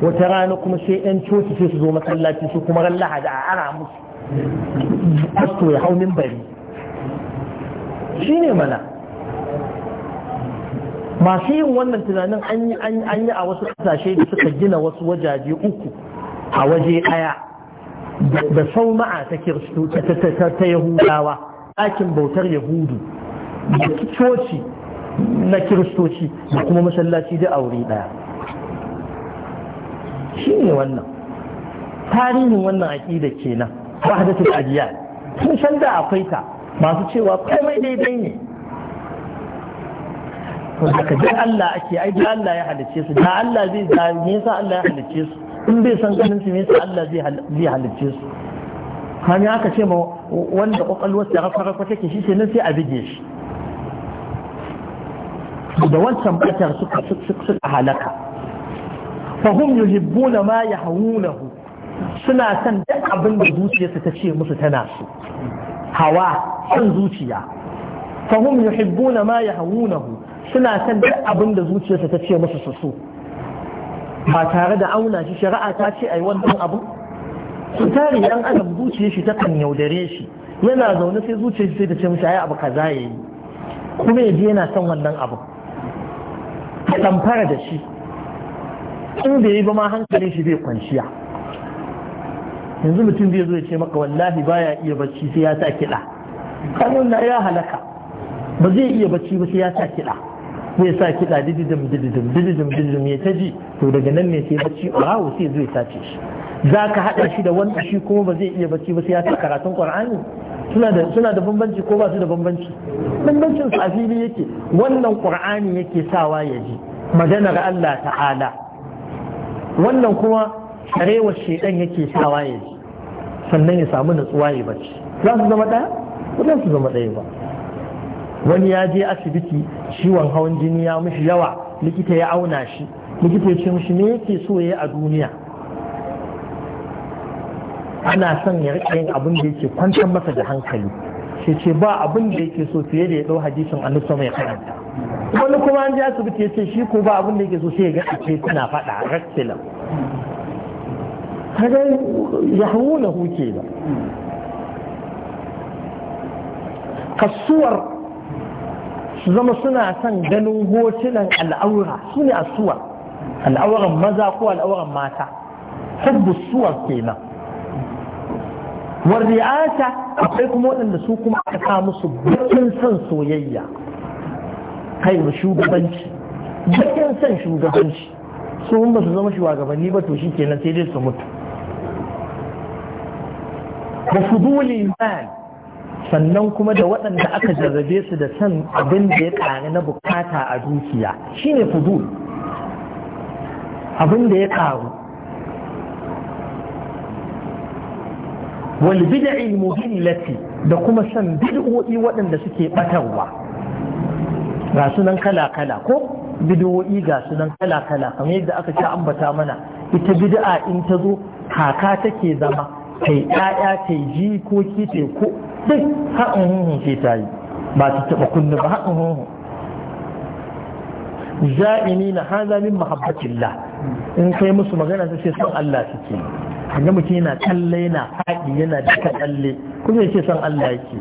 A: wata rana kuma sai yan coci sai su zo masallaci su kuma ran lahadi a ara
B: musu pasto ya
A: hau bari shi ne mana masu yin wannan tunanin an yi a wasu kasashe da suka gina wasu wajaje uku a waje ɗaya da sau ma'a ta kirstu ta yahudawa ɗakin bautar yahudu da coci na kiristoci da kuma masallaci da aure ɗaya shi ne wannan tarihin wannan aƙida kenan wahadatul ajiyar sun san da akwai ta masu cewa komai daidai ne to daga da Allah ake ai da Allah ya halicce su da Allah zai da me yasa Allah ya halicce su in bai san ganin su me yasa Allah zai zai halicce su kan aka ce ma wanda kokalwar ta rafa rafa take shi sai sai a bige shi da wancan batar suka suka halaka fahum yuhibbuna ma yahawunahu suna son duk abin da zuciyarsu ta ce musu tana su hawa son zuciya fahum yuhibbuna ma yahawunahu suna san duk abin da zuciyarsa ta ce musu su so ba tare da auna shi shari'a ta ce ai wannan abu
B: su tare yan adam
A: zuciyar shi takan yaudare shi yana zaune sai zuciyar shi sai ta ce musu ai abu kaza ya yi. kuma ya je yana son wannan abu ka fara da shi in bai yi ba ma hankalin shi bai kwanciya yanzu mutum zai zo ya ce maka wallahi baya iya bacci sai ya sa kiɗa kanun na ya halaka ba zai iya bacci ba sai ya sa kiɗa zai sa kiɗa dididim dididim dididim dididim ya taji to daga nan ne sai bacci rawo sai zai sace shi za ka haɗa shi da wanda shi kuma ba zai iya bacci ba sai ya ta karatun ƙwar'ani suna da bambanci ko ba su da bambanci bambancin su a fili yake wannan ƙwar'ani yake sawa ya ji maganar Allah ta'ala wannan kuma tsarewar shaidan yake sawa ya ji sannan ya samu natsuwa ya bacci za su zama ɗaya ba za su zama ɗaya ba wani ya je asibiti ciwon hawan jini ya mishi yawa likita ya auna shi likita ya ce mishi me yake so ya a duniya ana son ya rika yin abin da yake kwantar masa da hankali Ke ce ba abin da yake so fiye da ya dau hadisin annabi mai karanta wani kuma an je asibiti ya ce shi ko ba abin da yake so sai ya ga ake suna faɗa rakkilan kaga huke ba. kasuwar su zama suna son ganin hotunan al'aura su ne asuwar al'auran maza ko al'auran mata hubbu suwar kenan warri'ata akwai kuma waɗanda su kuma aka sa musu bakin son soyayya kai wa shugabanci bakin son shugabanci su ba su zama shugabanni ba to shi kenan sai dai su mutu
B: da fudulin man
A: sannan kuma da waɗanda aka jarrabe su da san abin da ya ƙari na bukata a dukiya shine fudul abin da ya ƙaru walbida'il lati da kuma san bid'o'i waɗanda suke ɓatarwa ga sunan kala-kala ko bid'o'i ga sunan kala-kala kamar yadda aka ci ambata mana ita bid'a in ta zo kaka take zama Kai yi ƴaƴa ta yi jikoki ta yi ko duk haɗin hunhun ke ta yi ba ta taɓa kunni ba haɗin hunhun za'ini na haza min mahabbatillah in kai musu magana sai son Allah suke kaga mutum yana tsalle yana haɗi yana duka kalle kuma ya ce son Allah yake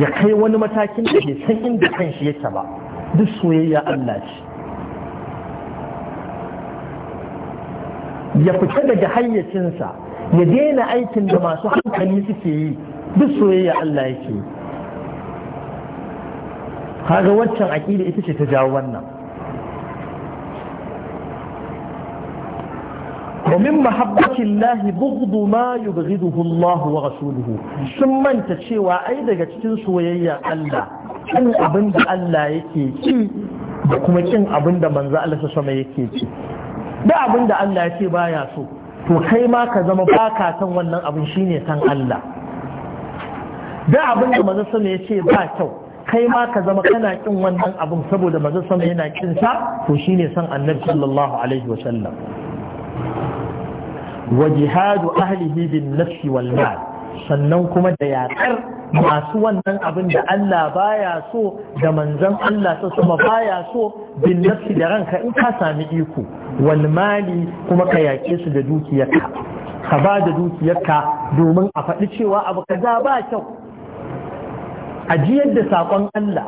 A: ya kai wani matakin da ke san inda kanshi yake ba duk soyayya Allah ce ya fita daga hayyacinsa ya daina aikin da masu hankali suke yi duk soyayya Allah yake yi kaga waccan aƙida ita ce ta jawo wannan ومن محبة الله بغض ما يبغضه Rasuluhu, ورسوله ثم cewa ai daga cikin soyayya Allah kin abinda Allah yake ki da kuma kin abinda manzo Allah sallallahu alaihi wasallam yake ki da abin da Allah ya ce baya so to kai ma ka zama baka ka san wannan abin shine san Allah da abin da manzo sama ya ba kyau kai ma ka zama kana kin wannan abin saboda manzo sama yana kin sa to shine san Annabi sallallahu alaihi wa sallam wa jihadu ahlihi bin nafsi wal mal sannan kuma da yakar masu wannan abin da Allah baya so da manzon Allah ta sama baya so bin nafsi da ranka in ka sami iko wal mali kuma ka yaƙe su da dukiyarka ka ba da dukiyarka domin a faɗi cewa abu ka za ba kyau ajiyar da saƙon Allah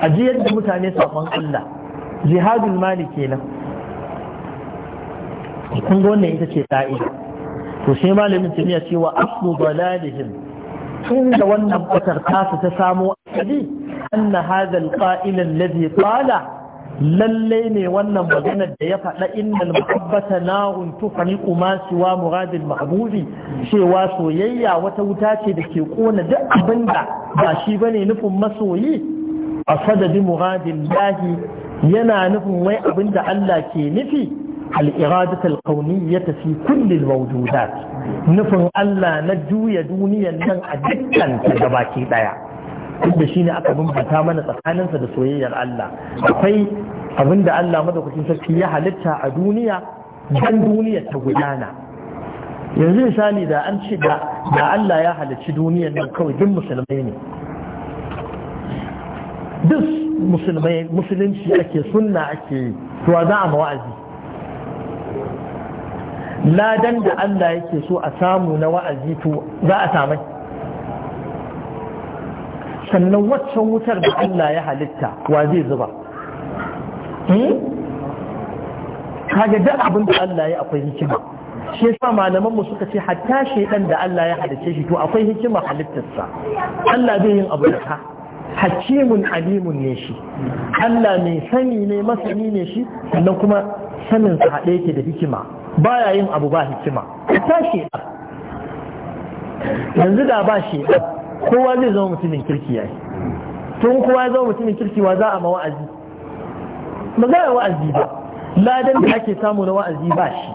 A: ajiyar da mutane saƙon Allah jihadul mali kenan kun ga wannan ita ce ta'ida to sai malamin tafiya cewa aslu dalalihim inda wannan fatar tasu ta samo asali anna hadha alqa'il alladhi qala lallai ne wannan maganar da ya faɗa innal muhabbata narun tuhriqu ma siwa muradil mahbubi cewa soyayya wata wuta ce da ke kona duk abinda ba shi bane nufin masoyi a sadadi muradil lahi yana nufin wai abinda Allah ke nufi al kauni ya tafi fi kulli al-mawjudat nufin Allah na juya duniyar nan a dukkan ta gabaki daya duk da shi ne aka bambanta mana tsakaninsa da soyayyar Allah akwai abin da Allah madaukakin sarki ya halitta a duniya dan duniya ta gudana yanzu misali da an ce da Allah ya halicci duniyar nan kawai duk musulmai ne duk musulmai musulunci ake sunna ake yi za a mawa'azi ladan da Allah yake so a samu na wa'azi to za a samai sannan waccan wutar da Allah ya halitta wa zai zuba hmm? kaga duk abin da Allah ya akwai hikima shi yasa malaman mu suka ce hatta shaydan da Allah ya halitta. shi to akwai hikima halittarsa Allah bai yin abu da ka hakimun alimun ne shi Allah mai sani ne masani ne shi sannan kuma sanin sa hade yake da hikima baya yin abu ba hikima hatta shaydan yanzu da ba shaydan kowa zai zama mutumin kirki ya yayi tun kowa ya zama mutumin kirki wa za a ma wa'azi ba za a wa'azi ba ladan da ake samu na wa'azi ba shi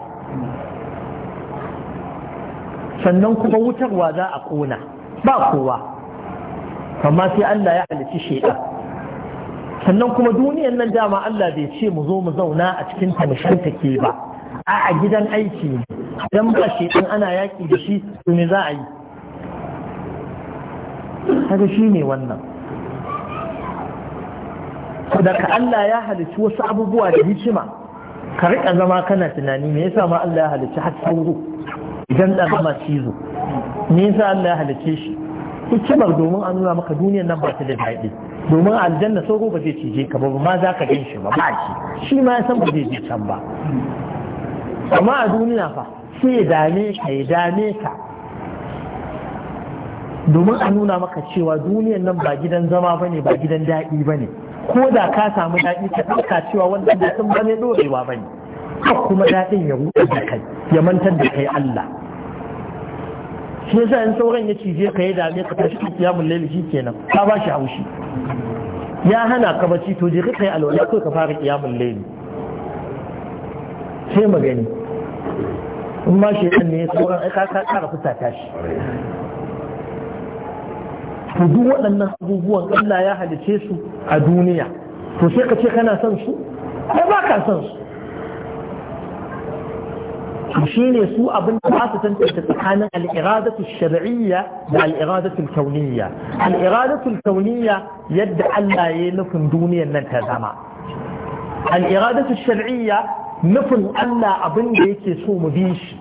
A: sannan kuma wutarwa za a kona ba kowa amma sai Allah ya halici shaidan sannan kuma duniyan nan dama Allah bai ce mu zo mu zauna a cikin ta ke ba a gidan aiki ne Don ba shaidan ana yaki da shi to me za a yi kaga shine wannan daga Allah ya halicci wasu abubuwa da hikima ka riƙa zama kana tunani me yasa ma Allah ya halicci har sauro idan da zama cizo me yasa Allah ya halicce shi hikimar domin an nuna maka duniyar nan ba ta da daɗi domin aljanna sauro ba zai cije ka ba ma za ka gan shi ba ba shi shi ma san ba zai je can ba amma a duniya fa sai ya dame ka ya dame ka domin a nuna maka cewa duniyan nan ba gidan zama ba ne ba gidan daɗi ba ne ko da ka samu daɗi ka ɗauka cewa wanda ba sun bane ɗorewa ba ne kuma daɗin ya ruɗa da kai ya mantar da kai Allah shi yasa in sauran ya cije ka yi dame ka tashi kiyamun laili shi kenan ka ba shi haushi ya hana ka bacci to je ka kai alwala ko ka fara mun laili sai magani in ma shi ne sauran ka ka ƙara fusata shi to duk waɗannan abubuwan Allah ya halice su a duniya to sai ka ce kana son su ai ba ka son su shi ne su abin da ba su tantance tsakanin al'iradatu shar'iyya da al'iradatu kauniyya al'iradatu kauniyya yadda Allah ya nufin duniyar nan ta zama al'iradatu shar'iyya nufin Allah abin da yake so mu bi shi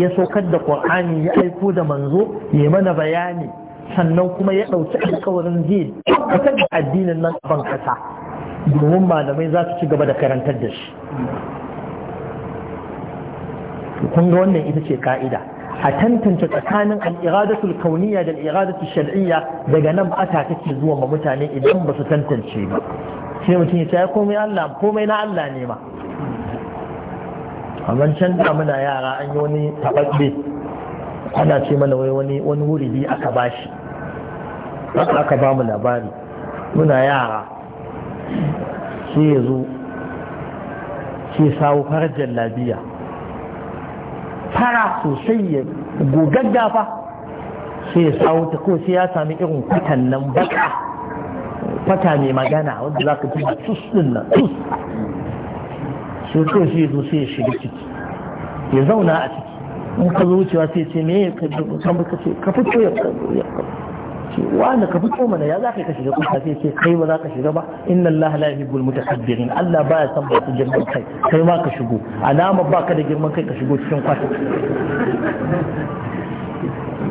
A: ya saukar da ƙwar'ani ya aiko da manzo ya mana bayani sannan kuma ya ɗauki alkawarin zai tabbatar da addinin nan a ban kasa domin malamai za su ci gaba da karantar da shi kun ga wannan ita ce ka'ida a tantance tsakanin al'iradatul kauniya da al'iradatul shar'iyya daga nan ata take zuwa ma mutane idan ba su tantance ba sai mutum ya ce komai Allah komai na Allah ne ma amma can da muna yara an yi wani taɓaɓɓe ana ce mana wai wani wani bi aka bashi haka aka ba mu labari muna yara sai ya zo sai sawo farar jallabiya fara sosai ya gogagga fa sai ya sawo ta ko sai ya sami irin kwatan nan baka fata mai magana wanda za ka ji tus din nan tus sai ko sai ya zo sai ya shiga ciki ya zauna a ciki in ka zo wucewa sai ce me ya ka fito ya ce wanda ka fito mana ya za ka ka shiga kuka sai kai ba za ka shiga ba inna Allah la yuhibbul mutakabbirin Allah baya san ba su girman kai kai ma ka shigo alama ba ka da girman kai ka shigo cikin kwata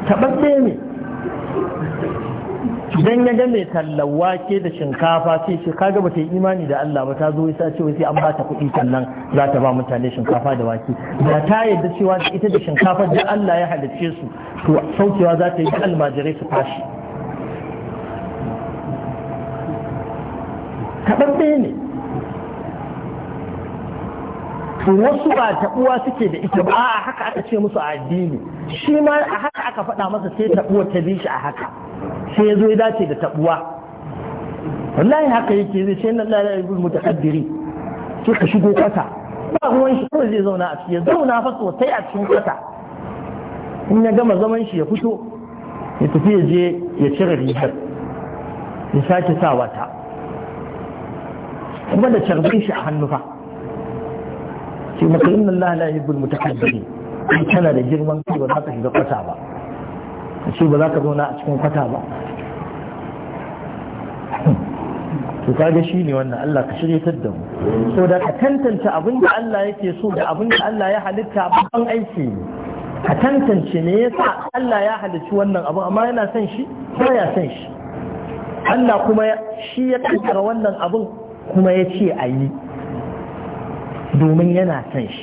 A: tabbace ne idan ya ga mai tallan wake da shinkafa sai ce kaga ba ta yi imani da Allah ba ta zo ya ce sai an ba ta kuɗi sannan za ta ba mutane shinkafa da wake da ta yadda cewa ita da shinkafa da Allah ya halicce su to saukewa za ta yi almajirai su tashi taɓaɓɓe ne wasu ba taɓuwa suke da ita ba a haka aka ce musu a addini shi ma a haka aka faɗa masa sai taɓuwa ta bi shi a haka sai ya zo ya dace da taɓuwa wallahi haka yake zai sai na lalai mutakaddiri sai ka shigo kwata ba ruwan shi kawai zai zauna a ciki ya zauna fa sosai a cikin kwata in ya gama zaman shi ya fito ya tafi ya je ya cire rigar ya sake sa wata kuma da carbin shi a hannu fa shi maka inna Allah la yuhibbul mutakabbiri in kana da girman kai ba za ka shiga kwata ba A ce ba za ka zauna a cikin kwata ba to kaga shi ne wannan Allah ka shiryatar da mu so ka tantance abin da Allah yake so da abin da Allah ya halitta babban aiki ne ka tantance me yasa Allah ya halicci wannan abu amma yana son shi ba ya son shi Allah kuma shi ya kankara wannan abin kuma ya ce a yi domin yana son shi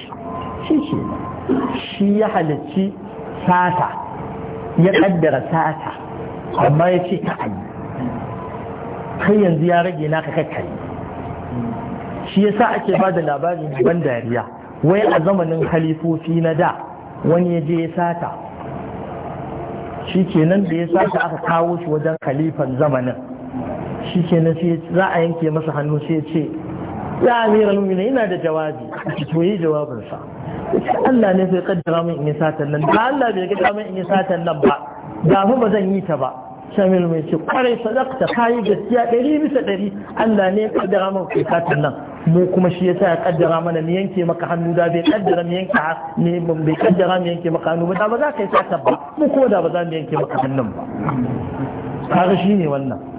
A: shi ke shi ya halarci sata ya kaddara sata
B: amma ya ce ta
A: a yi kai yanzu ya rage naka kai-kai. shi ya yasa ake ba da labarin ban dariya wai a zamanin halifofi na da wani ya je ya sata shi kenan da ya sata aka kawo shi wajen khalifan zamanin shi ke na za a yanke masa hannu sai ce ya amira lumina yana da jawabi to yi jawabinsa Allah ne sai kaddara min in yi satan nan ba Allah bai kaddara min in yi satan nan ba da mu ba zan yi ta ba shamil mai ce kwarai sadaqta kayi gaskiya ɗari bisa ɗari Allah ne kaddara min in satan nan mu kuma shi yasa ya kaddara mana mu yanke maka hannu da bai kaddara mu yanke ne bai kaddara mu yanke maka hannu ba da ba za ka yi sa ba mu ko da ba za mu yanke maka hannun ba kaga shine wannan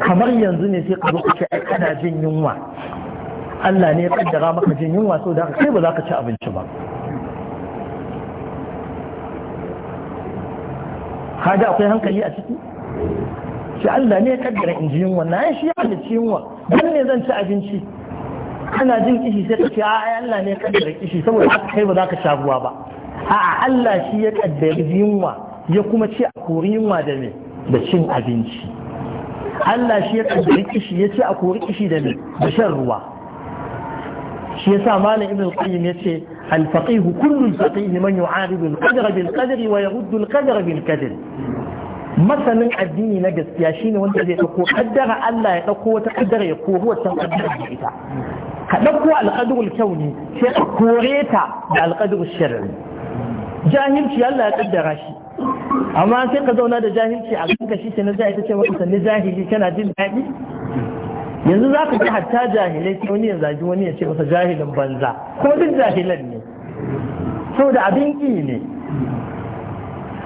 A: kamar yanzu ne sai ka zo ka ce kana jin yunwa Allah ne ya kaddara maka jin yunwa so da kai ba za ka ci abinci ba kaga akwai hankali a ciki shi Allah ne ya kaddara in ji yunwa na shi ya halicci yunwa dan ne zan ci abinci kana jin kishi sai ka ce a Allah ne ya kaddara kishi saboda kai ba za ka sha ruwa ba a Allah shi ya kaddara yunwa ya kuma ci a kori yunwa da me da cin abinci Allah shi ya kaddari kishi ya ce a kori kishi da ne da shan ruwa shi ya sa malam ibn qayyim ya ce al-faqih kullu al-faqih man yu'aridu al-qadra bil qadri wa yaruddu al-qadra bil qadri masanin addini na gaskiya shine wanda zai dauko kaddara Allah ya dauko wata kaddara ya kori wata kaddara da ita ka dauko al-qadrul kauni sai ka kore ta da al-qadrul shar'i jahilci Allah ya kaddara shi amma sai ka zauna da jahilci a kanka shi ke na ta ce wata sannu jahili kana jin daɗi yanzu za ka ji hatta jahilai sai wani ya zagi wani ya ce masa jahilin banza ko duk jahilan ne saboda abin ƙi ne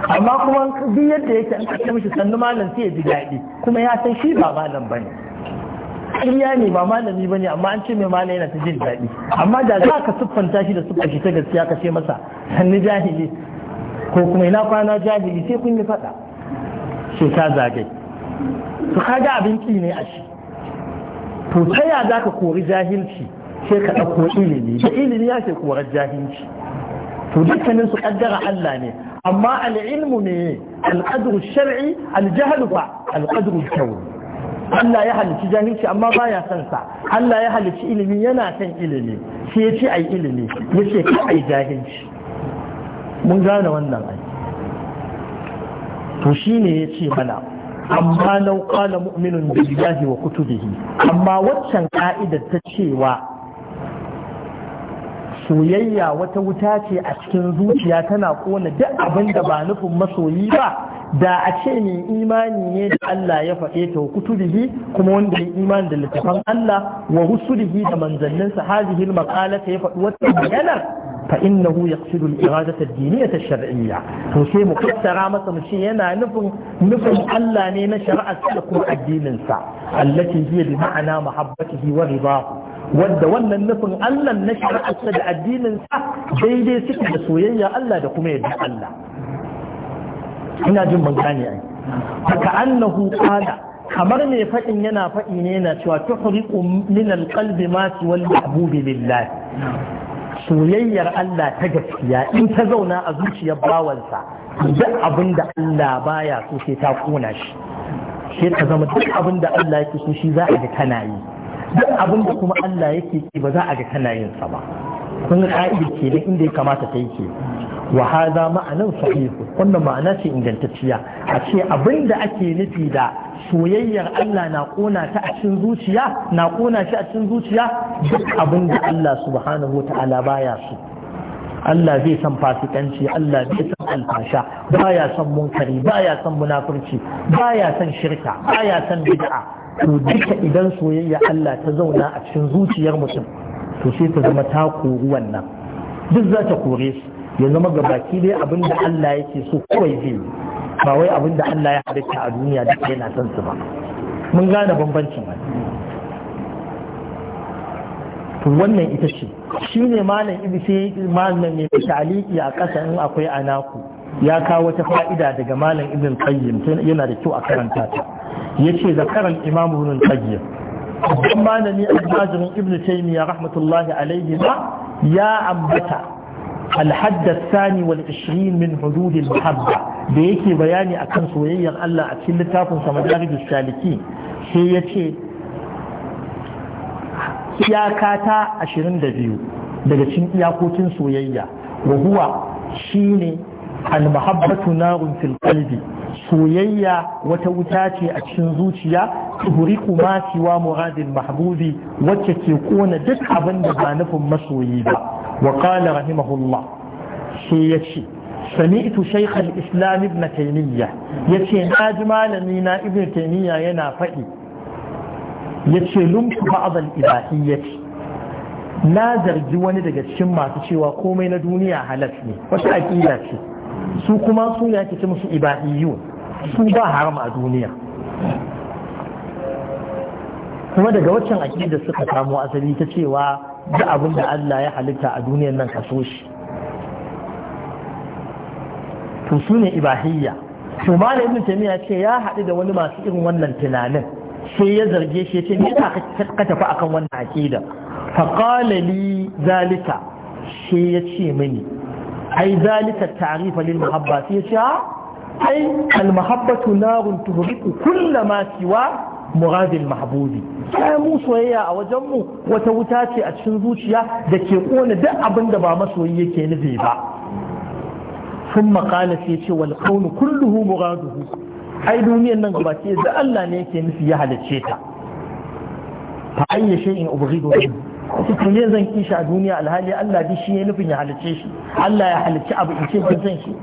A: amma kuma bi yadda yake an kashe mishi sannu malam sai ya ji daɗi kuma ya san shi ba malam ba ne ƙarya ne ba malami ba ne amma an ce mai malam yana ta jin daɗi amma da za ka siffanta shi da siffar shi ta gaskiya ka ce masa sannu jahili ko kuma ina kwana jahili sai kun yi faɗa sai ta zagai su kaga abinci ne a shi to ta ya za ka kori jahilci sai ka ɗauko ilimi da ilimi ya ke korar jahilci to dukkanin su kaddara Allah ne amma al'ilmu ne al'adru shar'i aljahalu ba al'adru kyau Allah ya halici jahilci amma baya son sa Allah ya halici ilimi yana son ilimi sai ya ce ai ilimi ya ce ka ai jahilci mun gane wannan ai to ya ce mana amma law qala mu'minun billahi wa kutubihi amma waccan ka'idar ta cewa soyayya wata wuta ce a cikin zuciya tana kona duk abin da ba nufin masoyi ba da a ce mai imani ne da Allah ya faɗe ta wa kutubihi kuma wanda ya imani da littafan Allah wa rusulihi da manzanninsa hazihil makalata ta ya faɗi wata bayanar فإنه يقصد الإرادة الدينية الشرعية وشي مكسرة مثلا شيء أنا نفهم نفهم ألا نينا شرع سلكم الدين السع التي هي بمعنى محبته ورضاه wadda wannan nufin Allah na shari'arsa da addininsa daidai suke da soyayya Allah da kuma yadda Allah ina jin ban gane ai kamar mai faɗin yana faɗi ne yana cewa tuhriqu min alqalbi masu wani al-mahbubi
B: soyayyar
A: Allah ta gaskiya in ta zauna a zuciyar bawansa duk abin da Allah baya so sai ta kona shi sai ta zama duk abin da Allah yake so shi za a ga kana yi duk abin da kuma Allah yake ki ba za a ga kana yin sa ba kun ka'ida kenan inda ya kamata ta yi ke wa hada ma'anan sahihu wannan ma'ana ce ingantacciya a ce abin da ake nufi da soyayyar Allah na kona ta a cikin zuciya na kona shi a cikin zuciya duk abin da Allah subhanahu ta'ala baya su. Allah zai san fasikanci Allah zai san alfasha baya san munkari baya san munafurci baya san shirka baya san bid'a to duka idan soyayya Allah ta zauna a cikin zuciyar mutum to sai ta zama ta koru wannan duk za ta kore su ya zama gabaki dai abinda da Allah yake so kawai zai ba wai abin Allah ya halitta a duniya da yana son su ba mun gane bambancin to wannan ita ce shi ne malam sai malam ne Aliki, a ƙasa in akwai anaku ya kawo wata fa'ida daga malam ibn qayyim yana da kyau a karanta ta yace zakaran imam ibn qayyim babban malami al ibn taymiya rahmatullahi alayhi ya ambata الحد الثاني والعشرين من حدود المحبة بيكي بياني أكن سويا الله أكل تافن سمدارج السالكين سيتي iyaka ta 22 daga cikin iyakokin soyayya wa huwa shine al-mahabbatu narun fil qalbi soyayya wata wuta ce a cikin zuciya tuhriqu ma siwa muradin mahbubi wacce ke kona duk abin da ba nufin masoyi ba wa qala rahimahullah sai ya ce sami'tu shaykh al-islam ibn taymiyyah yace na ji malami na ibn taymiyyah yana faɗi yace lumtu ba'd al-ilahiyyah na zargi wani daga cikin masu cewa komai na duniya halas ne wata aƙida ce su kuma su ya ake ce musu ibadiyu su ba haram a duniya kuma daga waccan da suka samu asali ta cewa da abin da Allah ya halitta a duniyar nan kaso shi to su ne ibahiyya to malam ibn taymiya ce ya haɗu da wani masu irin wannan tunanin sai ya zarge shi ce me ka ka tafi akan wannan akida fa qala li zalika shi ya ce mini ai zalika ta'rifa lil mahabba sai ce ai al mahabbatu narun tuhriqu kull ma siwa muradil mahbubi sai mu soyayya a wajen mu wata wuta ce a cikin zuciya da ke kona duk abin da ba masoyi yake nufi ba ثم قال سيتي والكون كله مراده ai duniyar nan gaba ce da Allah ne yake nufi ya halicce ta fa ayya shay'in ubghidu wasu tuni zan kishi a duniya alhali Allah bi shi ya nufin ya halice shi Allah ya halice abu in ce ban san shi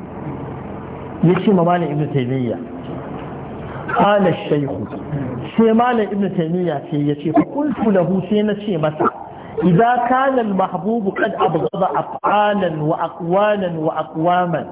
A: ya ce ma malam ibnu taymiya
B: qala shaykhu
A: sai malam Ibn taymiya ce ya ce fa qultu lahu sai na ce masa idza kana al mahbub qad abghada af'alan wa aqwalan wa aqwaman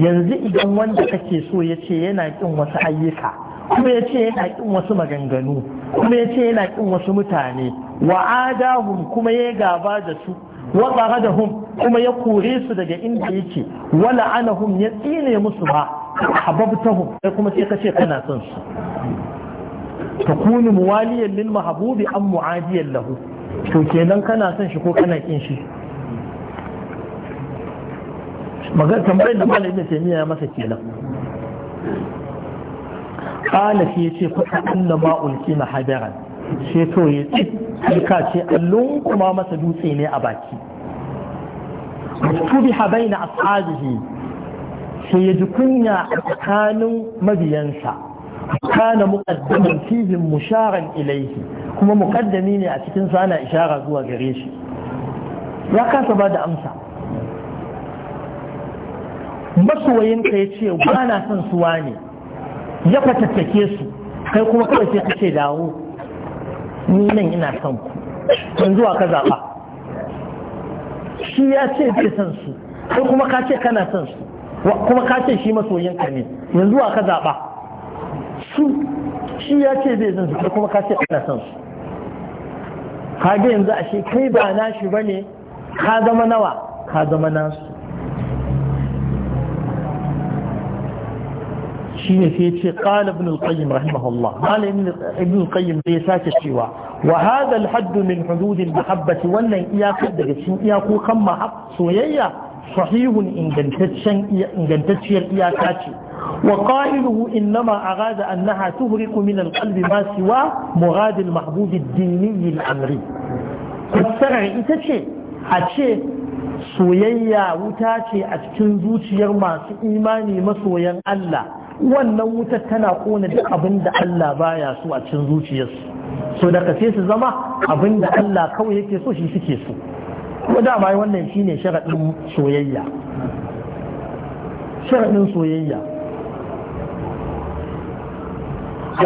A: yanzu idan wanda kake so ya ce yana kin wasu ayyuka kuma ya ce yana ƙin wasu maganganu kuma ya ce yana ƙin wasu mutane wa adahum kuma ya gaba da su wa tsaradahum kuma ya kore su daga inda yake wa la'anahum ya tsine musu ba hababtahum sai kuma sai kace ce kana son su takunu muwaliyan lil mahbubi am mu'adiyan lahu to kenan kana son shi ko kana ƙin shi
B: magana tambayar da
A: malamin ya masa kenan kala shi ya ce kuka anna ma ulkina hadaran shi to ya ce ce allon kuma masa dutse ne a baki tubi habaina ashabihi sai ya ji kunya a tsakanin mabiyansa kana muqaddaman fihim musharan ilayhi kuma muqaddami ne a cikin sana ishara zuwa gare shi ya kasa ba da amsa masoyinka ya ce ba na son suwa ne ya fatattake su kai kuma kawai sai ka ce dawo ni nan ina son ku yanzu ka zaɓa shi ya ce zai son su kai kuma ka ce kana son su kuma ka ce shi masoyinka ne yanzu wa ka zaɓa su shi ya ce zai son su kai kuma ka ce kana son su kage yanzu ashe kai ba nashi bane ka zama nawa ka zama nasu shine sai ce qala ibn rahimahullah malamin ibn ya sake cewa wa hadha haddu min hududin al-mahabbati wannan iyakar daga cikin iyakokan soyayya sahihun ingantacciyar iyaka ce wa qailuhu innama aghada annaha tuhriqu min al-qalbi ma siwa murad al-mahbub amri fassarar ita ce a ce soyayya wuta ce a cikin zuciyar masu imani masoyan Allah wannan wuta tana kona duk abin da Allah baya so a cikin zuciyarsu so da sai su zama abin da Allah kawai yake so shi suke so kuma dama wannan shine sharaɗin soyayya sharaɗin soyayya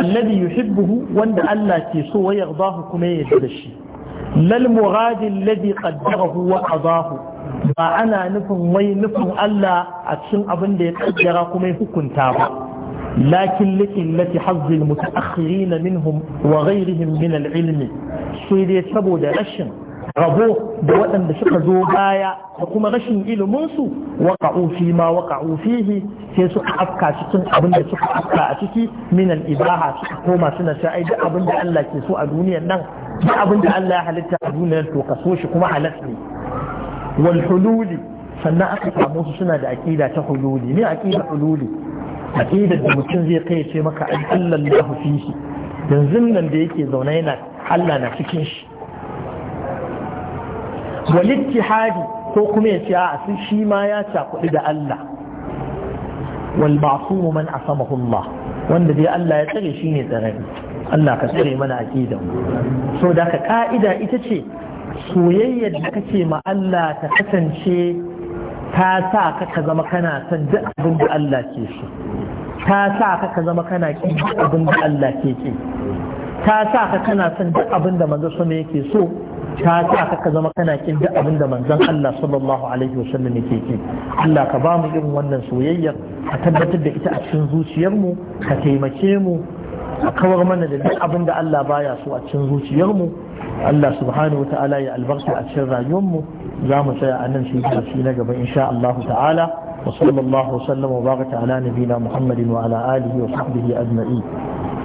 A: alladhi yuhibbuhu wanda Allah ke so wa yardahu kuma ya yarda shi lal muradin ladhi qaddarahu wa azahu ba ana nufin wai nufin Allah a cikin abin da ya kaddara kuma ya hukunta ba lakin likin lati hazzil mutaakhirin minhum wa ghayrihim min al-ilm sai dai saboda rashin rabo da waɗanda suka zo baya da kuma rashin iliminsu waƙa'u fi ma waƙa'u fihi sai suka afka cikin abin da suka afka a ciki min al-ibaha suka koma suna sha ai duk abin da Allah ke so a duniyar nan duk abin da Allah ya halitta a duniyar to kaso shi kuma halas ne wal hululi sannan aka samu su suna da aƙida ta hululi ne aƙida hululi aƙidar da mutum zai kai ce maka an sallallahu shi. yanzu nan da yake zaune yana Allah na cikin shi wal ittihadi ko kuma ya ce a sun shi ma ya cakuɗi da Allah wal ma'sumu man asamahu Allah wanda dai Allah ya tsare shi ne tsarari Allah ka tsare mana aqidan so da ka ka'ida ita ce soyayya da kake ma Allah ta kasance ta sa ka ka zama kana son duk abin da Allah ke so ta sa ka ka zama kana ki abin da Allah ke ki ta sa ka kana son duk abin da manzo sama yake so ta sa ka zama kana kin duk abin da manzon Allah sallallahu alaihi wasallam yake ki Allah ka ba mu irin wannan soyayya ka tabbatar da ita a cikin zuciyarmu ka taimake mu a kawar mana da duk abin da Allah baya so a cikin zuciyarmu Allah subhanahu wa ta'ala ya albarka a cikin rayuwarmu za mu tsaya a nan sai na gaba insha Allah ta'ala wa sallallahu wa sallama wa baraka ala nabiyina Muhammadin wa ala alihi wa sahbihi ajma'in